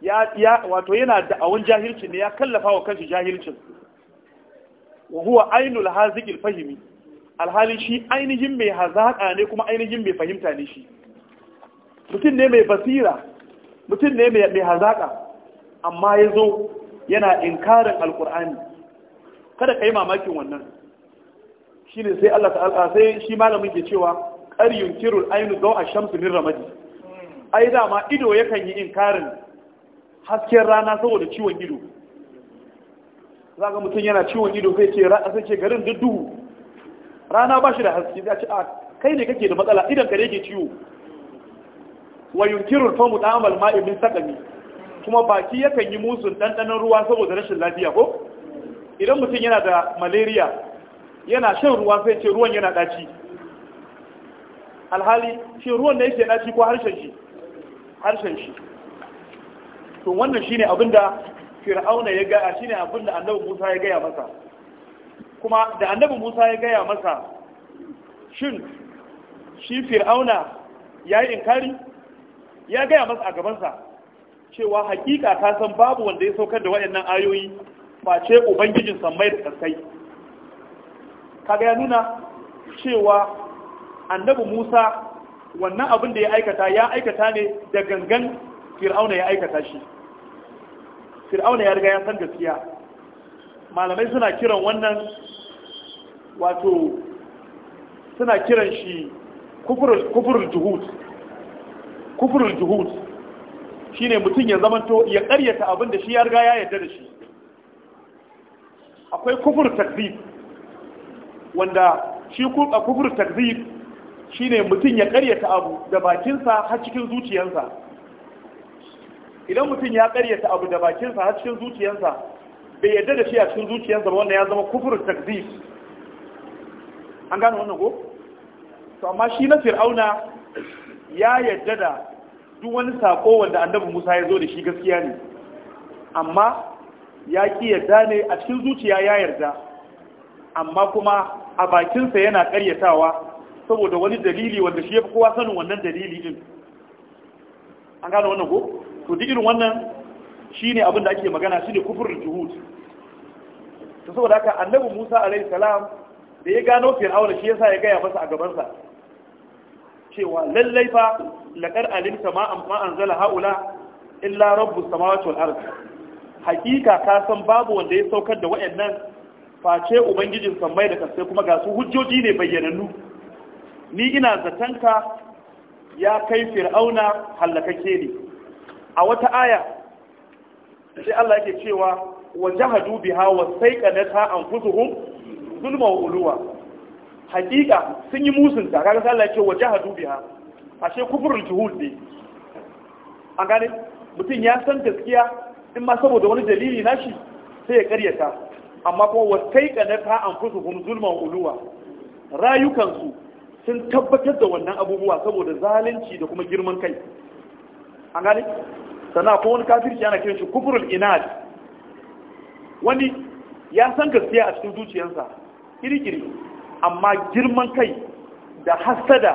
ya ya wato yana da'awan jahilci ne ya kallafa wa kanshi jahilcin wa huwa ainul haziqil fahimi alhali shi ainihin mai hazaka ne kuma ainihin mai fahimta ne shi mutum ne mai basira mutum ne mai hazaka amma ya zo yana inkarin alkur'ani kada ka yi mamakin wannan shi ne sai Allah ta'ala sai shi malamin ke cewa qar yunkirul aynu daw ash-shamsi min ramadi ai dama ido yakan yi inkarin hasken rana saboda ciwon ido zaka mutum yana ciwon ido sai ce sai ce garin duk duhu rana ba shi da haske sai ce a ah, kai ne kake da matsala idan ka ne ke ciwo wa yunkirul famu ta'amal ma'i min kuma baki yakan yi musun ɗanɗanon ruwa saboda rashin lafiya ko idan mutum yana da malaria yana shan ruwa sai ce ruwan yana ɗaci alhali shi ruwan da yake ɗaci ko harshen shi harshen shi to wannan shine abin da fir'auna ya ga shine abin da annabi musa ya gaya masa kuma da annabi musa ya gaya masa shin shi fir'auna ya yi inkari ya gaya masa a gabansa cewa hakika ta san babu wanda ya saukar da waɗannan ayoyi face ubangijin sammai da kasai kaga ya nuna cewa annabi Musa wannan abin da ya aikata ya aikata ne da gangan fir'auna ya aikata shi fir'auna ya riga ya san gaskiya malamai suna kiran wannan wato suna kiran shi kufurul juhud kufurul juhud Shi ne mutum ya zamanto ya karyata abin da shi ya riga ya yarda da shi akwai kufur takzib wanda shi a kufur takzib ne mutum ya karyata abu da bakinsa har cikin zuciyarsa idan mutum ya karyata abu da bakinsa har cikin zuciyarsa bai yarda da shi a cikin zuciyarsa ba wanda ya zama kufur takzib an gane wannan ko to amma shi na fir'auna ya yarda da duk wani sako wanda annabi Musa ya zo da shi gaskiya ne amma ya ki yarda ne a cikin zuciya ya yarda amma kuma a bakinsa yana ƙaryatawa saboda wani dalili wanda shi ya fi kowa sanin wannan dalili din an gane wannan ko to duk irin wannan shine abin da ake magana shi ne kufur juhud saboda haka annabi Musa alaihi salam da ya gano fir'auna shi yasa ya gaya masa a gabansa cewa lallai fa laƙar alimta ma an zala haula illa rabbus samawati wal ardi hakika ka san babu wanda ya saukar da wayannan face ubangijin sammai da kasai kuma ga su hujjoji ne bayyananu ni ina zatanka ya kai fir'auna hallakake ne a wata aya sai Allah yake cewa wajahadu biha wa saiqanata anfusuhum zulma wa uluwa hakika sun yi musunta da kaga sallah ce wa jahadu biha ashe kufrul juhud ne an gane mutum ya san gaskiya in ma saboda wani dalili nashi sai ya karyata amma kuma wasai kana ta anfusu hum zulman uluwa rayukansu sun tabbatar da wannan abubuwa saboda zalunci da kuma girman kai an gane sana ko wani kafirci ana kiran shi kufrul inad wani ya san gaskiya a cikin zuciyarsa kirkiri amma girman kai da hasada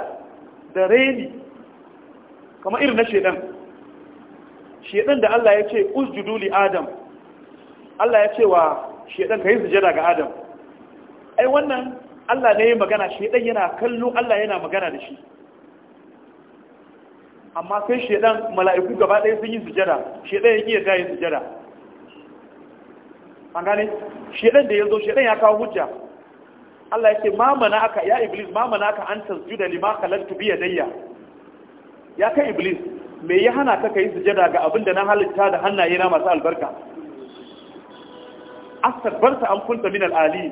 da reni kamar irin na shedan shedan da Allah ya ce usjudu li adam Allah ya ce wa shedan kai sujada ga adam ai wannan Allah ne ya magana shedan yana kallo Allah yana magana da shi amma sai shedan mala'iku gaba ɗaya sun yi sujada shedan ya iya ta yi sujada an gane shedan da ya zo shedan ya kawo hujja Allah ya ce ma mana aka ya iblis ma mana aka an da lima kalantu bi yadayya ya kai iblis me ya hana ka kai sujada ga abinda na halitta da hannaye na masu albarka astagbarta an kunta min al'ali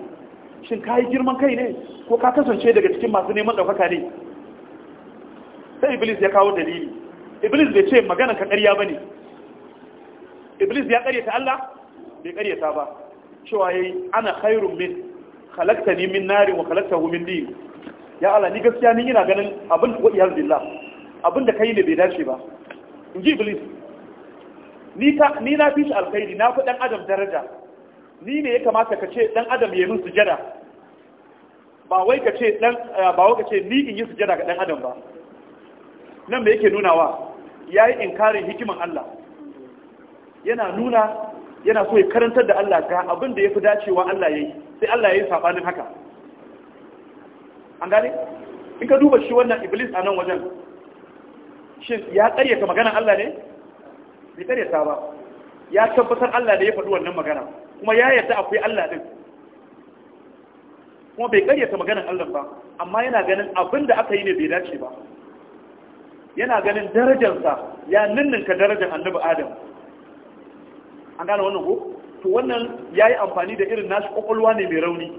shin ka girman kai ne ko ka kasance daga cikin masu neman daukaka ne sai iblis ya kawo dalili iblis bai ce magana ka ƙarya ba ne iblis ya ƙaryata Allah bai ƙaryata ba cewa ya ana khairum min ni min nari wa hu min din ya Allah ni gaskiya ni ina ganin abin wa iyal billah abin da kai ne bai dace ba in ji iblis ni ta ni na fi shi alkhairi na fi dan adam daraja ni ne ya kamata ka ce dan adam ya min sujada ba wai ka ce dan eh, ba wai ka ce ni in yi sujada ga dan adam ba nan me yake wa yayi inkarin hikiman Allah yana nuna yana so ya karantar da Allah ga abin da ya fi dacewa Allah ya yi sai Allah ya yi saɓanin haka an gane in ka duba shi wannan iblis a nan wajen shin ya karyata maganar Allah ne bai karyata ba ya tabbatar Allah ne ya faɗi wannan magana kuma ya yarda akwai Allah din kuma bai karyata maganan Allah ba amma yana ganin abin da aka yi ne bai dace ba yana ganin darajarsa ya ninninka darajar annabi Adam an gane wannan ko to wannan ya yi amfani da irin nashi ƙwaƙwalwa ne mai rauni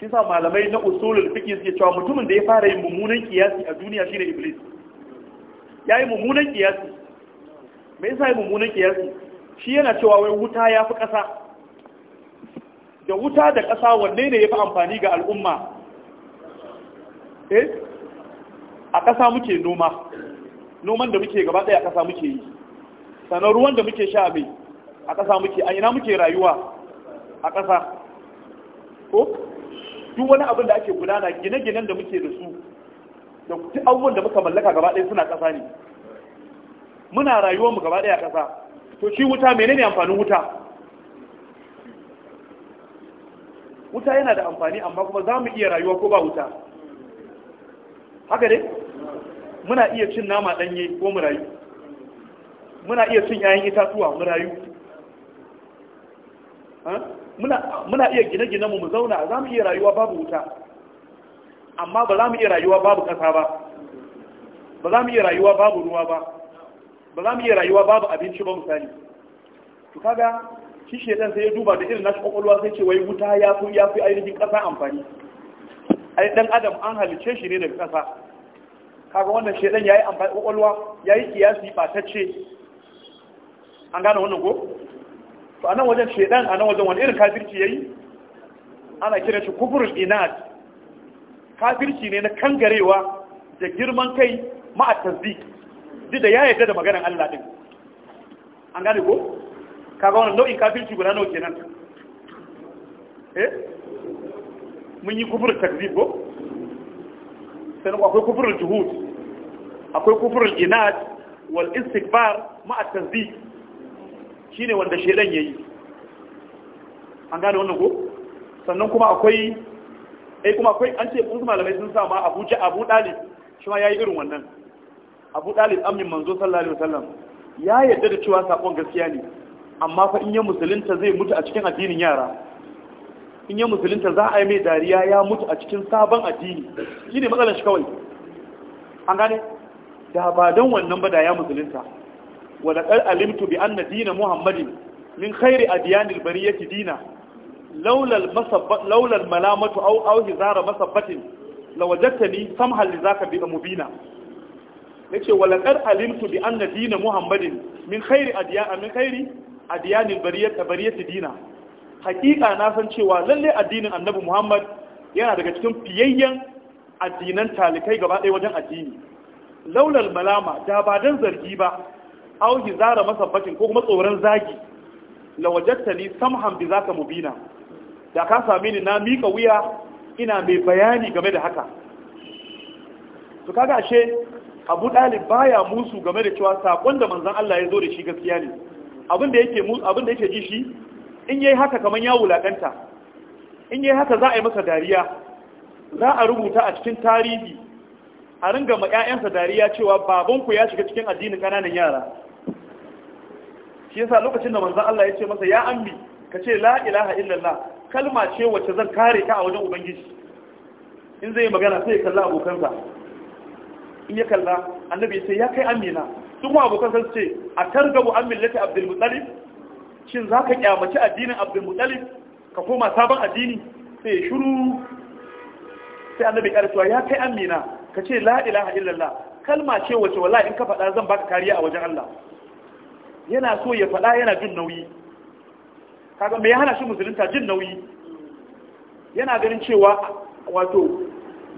shi sa malamai na usulul fiqh suke cewa mutumin da ya fara yin mummunan kiyasi a duniya shine iblis ya yi mummunan kiyasi me yasa yi mummunan kiyasi shi yana cewa wai wuta ya fi ƙasa da wuta da ƙasa wanne ne ya fi amfani ga al'umma eh a ƙasa muke noma noman da muke gaba ɗaya a ƙasa muke yi sannan ruwan da muke sha mai a ƙasa muke a ina muke rayuwa a ƙasa ko duk wani abin da ake gudana gine-ginen da muke da su da kuti abubuwan da muka mallaka gaba ɗaya suna ƙasa ne muna rayuwar mu gaba ɗaya a ƙasa to shi wuta menene amfanin wuta wuta yana da amfani amma kuma za mu iya rayuwa ko ba wuta haka dai muna iya cin nama ɗanye ko mu rayu muna iya cin yayin itatuwa mu rayu muna iya gine-gine mu zauna za mu iya rayuwa babu wuta amma ba za mu iya rayuwa babu ƙasa ba ba za mu iya rayuwa babu ruwa ba ba za mu iya rayuwa babu abinci ba misali to kaga shi shedan sai ya duba da irin nashi kwakwalwa sai ce wai wuta ya fi ya fi ainihin ƙasa amfani ai dan adam an halice shi ne daga ƙasa kaga wannan shedan yayi amfani kwakwalwa yayi kiyasi ce. an gane wannan ko to anan wajen shedan anan wajen wani irin kafirci yayi ana kira shi kufrul inad kafirci ne na kangarewa da girman kai ma'a tasdik duk da ya yarda da maganar Allah din an gane ko kaga wannan nau'in kafirci guda nawa kenan eh mun yi kufrul takzib ko sai akwai kufrul juhud akwai kufrul inad wal istikbar ma'a tasdik Shi ne wanda shedan yi. an gane wannan ko sannan kuma akwai eh kuma akwai an ce kun malamai sun sa ma Abu Ja Abu Dalib shi ma yayi irin wannan Abu Dalib amin manzo sallallahu alaihi wasallam ya yarda da cewa sakon gaskiya ne amma fa in ya musulunta zai mutu a cikin addinin yara in ya musulunta za a yi mai dariya ya mutu a cikin sabon addini shine matsalar shi kawai an gane da ba don wannan ba da ya musulunta wa laqad alimtu bi anna dina muhammadin min khairi adyanil bariyati dina laula al masabbat laula al malamatu aw aw hizara masabbatin lawajadtani samhan li zaka bi mubina yace wa alimtu bi anna dina muhammadin min khairi adyan dina hakika na san cewa lalle addinin annabi muhammad yana daga cikin fiyayyen addinan talikai gaba ɗaya wajen addini laulal malama da ba don zargi ba zara masa masabbatin ko kuma tsoron zagi la wajadtani samhan bi zaka mubina da ka same ni na mika wuya ina mai bayani game da haka to kaga ashe Abu Dalib baya musu game da cewa sakon da manzon Allah ya zo da shi gaskiya ne abin da yake abin da yake ji shi in yayi haka kaman ya wulakanta in yayi haka za a yi masa dariya za a rubuta a cikin tarihi a ringa ma 'ya'yansa dariya cewa babanku ya shiga cikin addinin ƙananan yara shi yasa lokacin da manzon Allah ya ce masa ya ammi ka ce la ilaha illallah kalma ce wacce zan kare ka a wajen ubangiji in zai magana sai ya kalla abokansa in ya kalla annabi sai ya kai amina sun wa abokan sun ce a targabu an millati abdul mutalib shin za ka kyamaci addinin abdul mutalib ka koma sabon addini sai ya shiru sai annabi karatuwa ya kai amina ka ce la ilaha illallah kalma ce wacce wallahi in ka faɗa zan baka kariya a wajen Allah yana so ya faɗa yana jin nauyi kaga me ya hana shi musulunta jin nauyi yana ganin cewa wato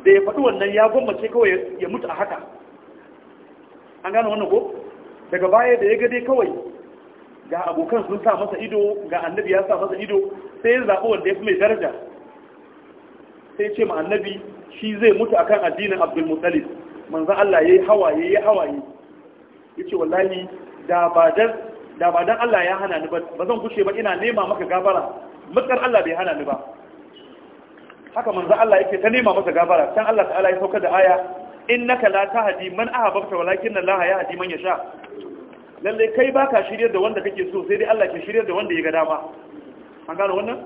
da ya faɗi wannan ya gwammace kawai ya mutu a haka an gano wannan ko daga baya da ya gade kawai ga abokan sun sa masa ido ga annabi ya sa masa ido sai ya zaɓi wanda ya fi mai daraja sai ce ma annabi shi zai mutu a kan addinin abdulmutsalif manzan Allah ya yi hawaye ya hawaye ya ce wallahi da ba dan Allah ya hana ni ba zan kushe ba ina nema maka gafara mutsar Allah bai hana ni ba haka manzo Allah yake ta nema masa gafara san Allah ta'ala ya saukar da aya innaka la tahdi man ahbabta walakinna Allah yahdi man yasha lalle kai baka shiryar da wanda kake so sai dai Allah ke shiryar da wanda ya ga dama an gano wannan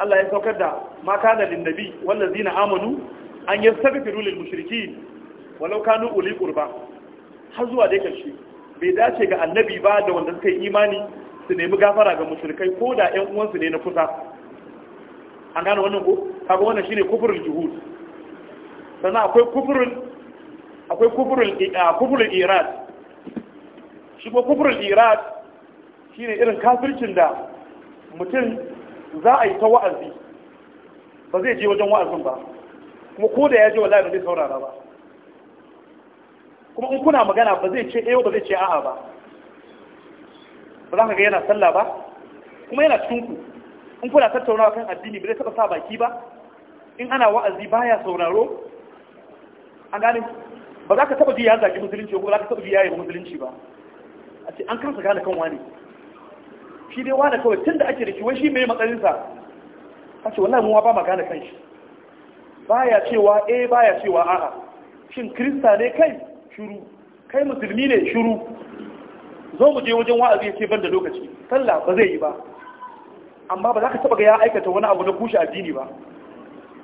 Allah ya saukar da ma kana lin nabi wallazina amanu an yastaghfiru lil mushrikeen walau kanu uli qurba har zuwa dai karshe bai dace ga annabi ba da wanda suka yi imani su nemi gafara ga mushrikai ko da ƴan uwansu ne na kusa an gane wannan ko kaga wannan shine kufurul juhud sannan akwai kufurul akwai kufurul kufurul irad shi ko kufurul irad shine irin kafircin da mutum za a yi ta wa'azi ba zai je wajen wa'azin ba kuma ko da ya je wallahi ba zai saurara ba kuma in kuna magana ba zai ce eh ba zai ce a'a ba ba za ka ga yana sallah ba kuma yana cikin ku in kuna tattaunawa kan addini ba zai taba sa baki ba in ana wa'azi baya sauraro an gane ba za ka taba ji ya zaki musulunci ko za ka taba ji ya yi musulunci ba a ce an kansa gane kan wani shi dai wani kawai tun da ake da shi wai shi mai matsayinsa a ce wallahi muwa ba ma gane kan shi baya cewa eh baya cewa a'a shin krista ne kai shuru kai musulmi ne shuru zo mu je wajen wa'azi ya ce ban da lokaci sallah ba zai yi ba amma ba za ka taba ga ya aikata wani abu na kushe addini ba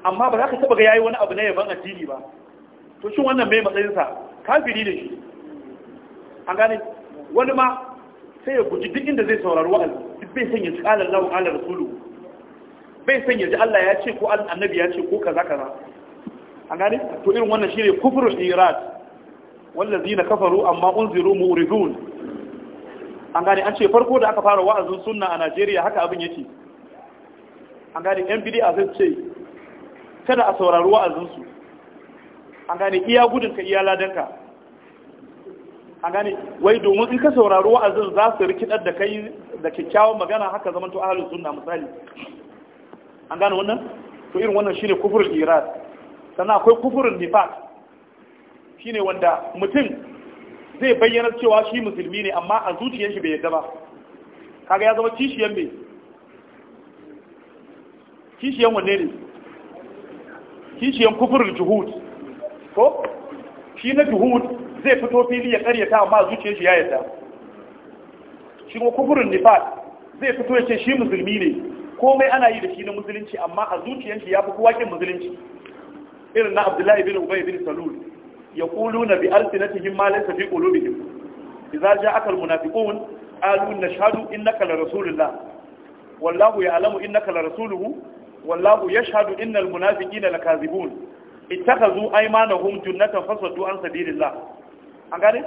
amma ba za ka taba ga yayi wani abu na yaban addini ba to shin wannan mai matsayin sa kafiri ne shi an gane wani ma sai ya guji duk inda zai saurari wa'azi duk bai sanya tsalar Allahu ala rasulu bai sanya ji Allah ya ce ko annabi ya ce ko kaza kaza an gane to irin wannan shine kufrul irad wallazina kafaru amma unziru muridun an gane an ce farko da aka fara wa'azin sunna a Najeriya haka abin yake an gane yan a zai ce kada a saurari wa'azin su an gane iya gudun ka iya ladanka an gane wai domin in ka saurari wa'azin za su rikidar da kai da kyakkyawan magana haka zaman to ahlus sunna misali an gane wannan to irin wannan shine kufrul irad sannan akwai kufrul nifaq Shi ne wanda mutum zai bayyana cewa shi musulmi ne amma a zuciyar shi bai yadda ba kaga ya zama kishiyar me Kishiyan wanne ne Kishiyan kufurin juhud ko shi na juhud zai fito fili ya karyata amma zuciyar shi ya yadda shi ko kufurin nifat zai fito ya ce shi musulmi ne komai ana yi da shi na musulunci amma a zuciyar shi ya fi kowa kin musulunci irin na abdullahi bin ubay bin salul yaquluna bi alsinatihim ma laysa fi qulubihim idza ja'aka almunafiqun qalu nashhadu innaka la rasulullah wallahu ya'lamu innaka la rasuluhu wallahu yashhadu innal munafiqina lakazibun ittakhadhu aymanahum junnatan fasaddu an sabilillah an gane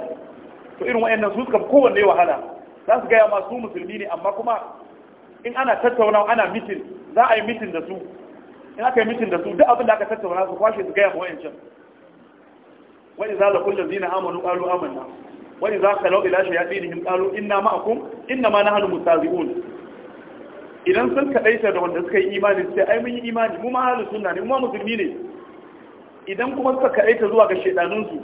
to irin wayannan su suka kowanne wahala za su gaya masu musulmi ne amma kuma in ana tattaunawa ana mitin za a yi mitin da su in aka yi mitin da su duk abin aka su kwashe su gaya wa wayancan wani za la kullum zina amanu ƙalu amanna wani za ka lau ila shayaɗinihim ƙalu ina ma'akun ina ma nahnu mustazi'un idan sun kaɗaita da wanda suka yi imani sai ai mun yi imani mu ma halin sunna ne mu ma musulmi ne idan kuma suka kaɗaita zuwa ga shaidanunsu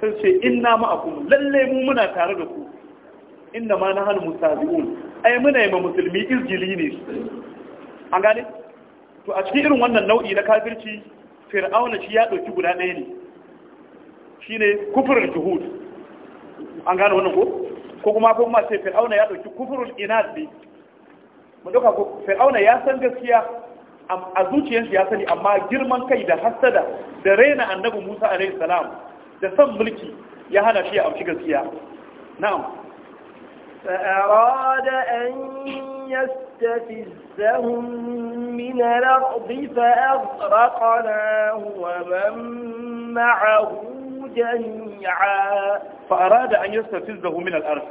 sun ce ina ma'akun lalle mu muna tare da ku ina ma nahnu mustazi'un ai muna yi ma musulmi izgili ne an gane to a cikin irin wannan nau'i na kafirci fir'auna shi ya ɗauki guda ɗaya ne shine kufrul juhud an gane wannan ko ko kuma ko ma sai fir'auna ya dauki kufurul inad ne mu dauka ko fir'auna ya san gaskiya a zuciyarsa ya sani amma girman kai da hasada da raina annabi Musa alaihi salam da san mulki ya hana shi ya amshi gaskiya na'am فأراد أن يستفزهم من الأرض فأغرقناه ومن معه جميعا فأراد أن يستفزه من الأرض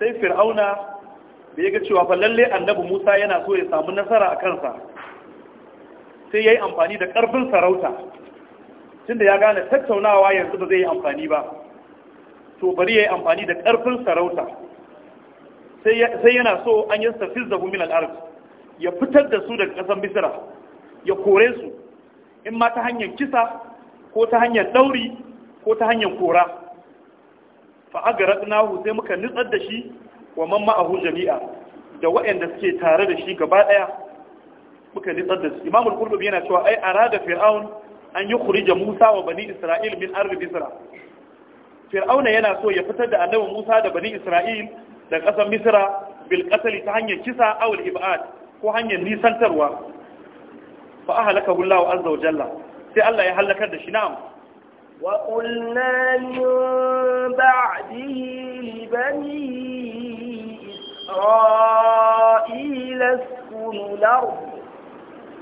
sai fir'auna da ya ga cewa fa lalle annabi Musa yana so ya samu nasara a kansa sai ya yi amfani da ƙarfin sarauta tunda ya gane tattaunawa yanzu ba zai yi amfani ba to bari ya yi amfani da ƙarfin sarauta sai yana so an yi safiz da gumin ya fitar da su daga ƙasar misira ya kore su in ma ta hanyar kisa ko ta hanyar ɗauri ko ta hanyar kora fa'agaratnahu sai muka nutsar da shi wa man ma'ahu jami'a da waɗanda suke tare da shi gaba ɗaya muka nutsar da su imam al-qurtubi yana cewa ai arada fir'aun an yi kurija musa wa bani isra'il min ardi misra fir'auna yana so ya fitar da annabi musa da bani isra'il da ƙasar misra bil qatl ta hanyar kisa aw al-ibad ko hanyar nisantarwa fa ahlaka Allahu azza wa jalla sai Allah ya halakar da shi na'am وقلنا من بعده لبني إسرائيل اسكنوا الأرض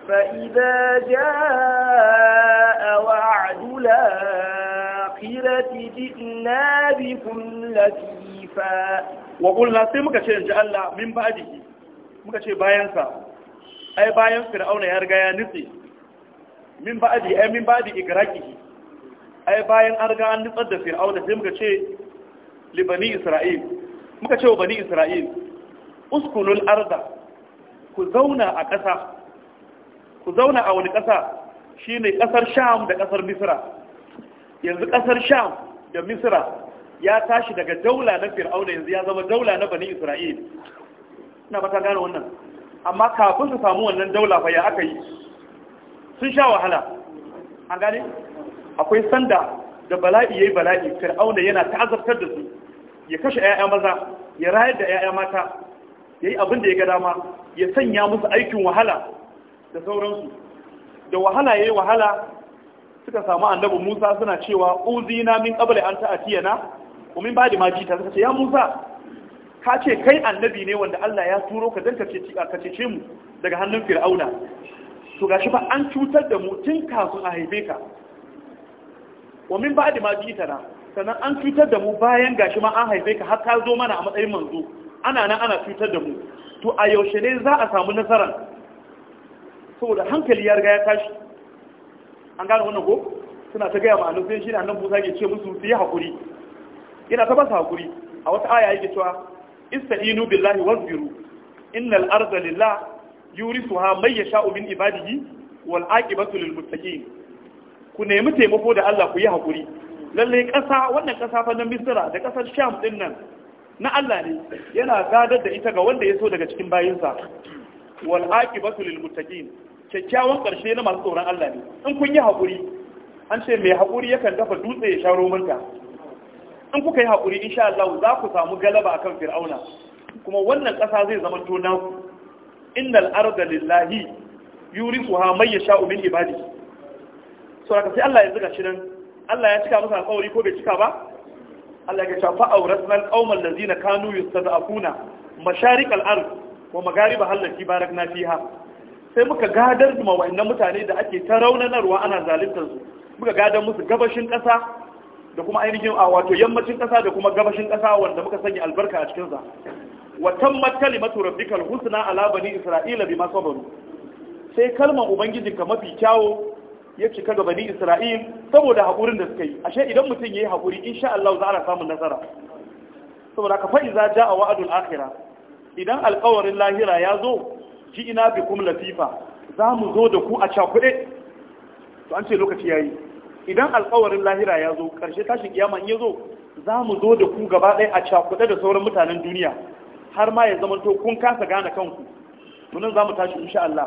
فإذا جاء وعد الآخرة جئنا بكم لكيفا وقلنا سيمك شيء إن شاء الله من بعده muka شيء باينسا أي باينسا fir'auna ya نسي من بعده أي من بعده min ai bayan an riga an nutsar da fir'auna sai muka ce li bani isra'il muka ce wa bani isra'il uskunul arda ku zauna a ƙasa ku zauna a wani ƙasa shine ƙasar sham da ƙasar misra yanzu ƙasar sham da misra ya tashi daga daula na fir'auna yanzu ya zama daula na bani isra'il ina ba ta gane wannan amma kafin su samu wannan daula fa ya aka yi sun sha wahala an gane akwai sanda da bala'i yayi bala'i fir'auna yana ta'azabtar da su ya kashe 'ya'ya maza ya rayar da 'ya'ya mata yayi abin da ya ga dama ya sanya musu aikin wahala da sauransu da wahala yayi wahala suka samu annabi Musa suna cewa uzina min qabli an ta'tiyana wa min ba'di ma jita suka ce ya Musa ka ce kai annabi ne wanda Allah ya turo ka dan ka ce ka mu daga hannun Fir'auna to gashi fa an cutar da mu tun kafin a haife ka wa min ba'di ma tana, sannan an cutar da mu bayan gashi ma an haife ka har ka zo mana a matsayin manzo ana nan ana cutar da mu to a yaushe ne za a samu nasara saboda hankali ya riga ya tashi an gane wannan ko suna ta gaya ma sai shi ne annabi Musa ke ce musu su yi hakuri yana ta ba su hakuri a wata aya yake cewa istainu billahi wasbiru innal arda lillah yurisuha may yasha'u min ibadihi wal aqibatu lil muttaqin ku nemi taimako da Allah ku yi hakuri Lallai ƙasa wannan ƙasa fa na Misra da ƙasar Sham ɗinnan nan na Allah ne yana gadar da ita ga wanda ya so daga cikin bayinsa wal aqibatu lil muttaqin kyakkyawan ƙarshe na masu tsoron Allah ne in kun yi haƙuri? an ce mai hakuri yakan dafa dutse ya sha romanta in kuka yi hakuri insha Allah za ku samu galaba akan Fir'auna kuma wannan ƙasa zai zama to naku innal arda lillahi yurisuha may yasha'u min ibadihi saboda sai Allah ya zuga shi nan Allah ya cika masa alƙawari ko bai cika ba Allah ya shafa auratna alqaumal ladina kanu yustad'afuna masharik al-ard wa magarib allati barakna fiha sai muka gadar da wayannan mutane da ake ta raunanarwa ana zaluntar su muka gadar musu gabashin ƙasa da kuma ainihin a wato yammacin ƙasa da kuma gabashin ƙasa wanda muka sanya albarka a cikin sa wa tammat kalimatu rabbikal husna ala bani isra'ila bima sabaru sai kalmar ubangijinka mafi kyawo ya cika ga bani Isra'il saboda haƙurin da suka yi ashe idan mutum ya yi haƙuri insha Allah za a nasara saboda ka fa ja a wa'adul akhira idan alƙawarin lahira ya zo ji ina bikum latifa za mu zo da ku a cakuɗe to an ce lokaci yayi idan alƙawarin lahira ya zo ƙarshe tashin kiyama in ya zo za mu zo da ku gaba ɗaya a cakuɗe da sauran mutanen duniya har ma ya zamanto kun kasa gane kanku munan za mu tashi insha Allah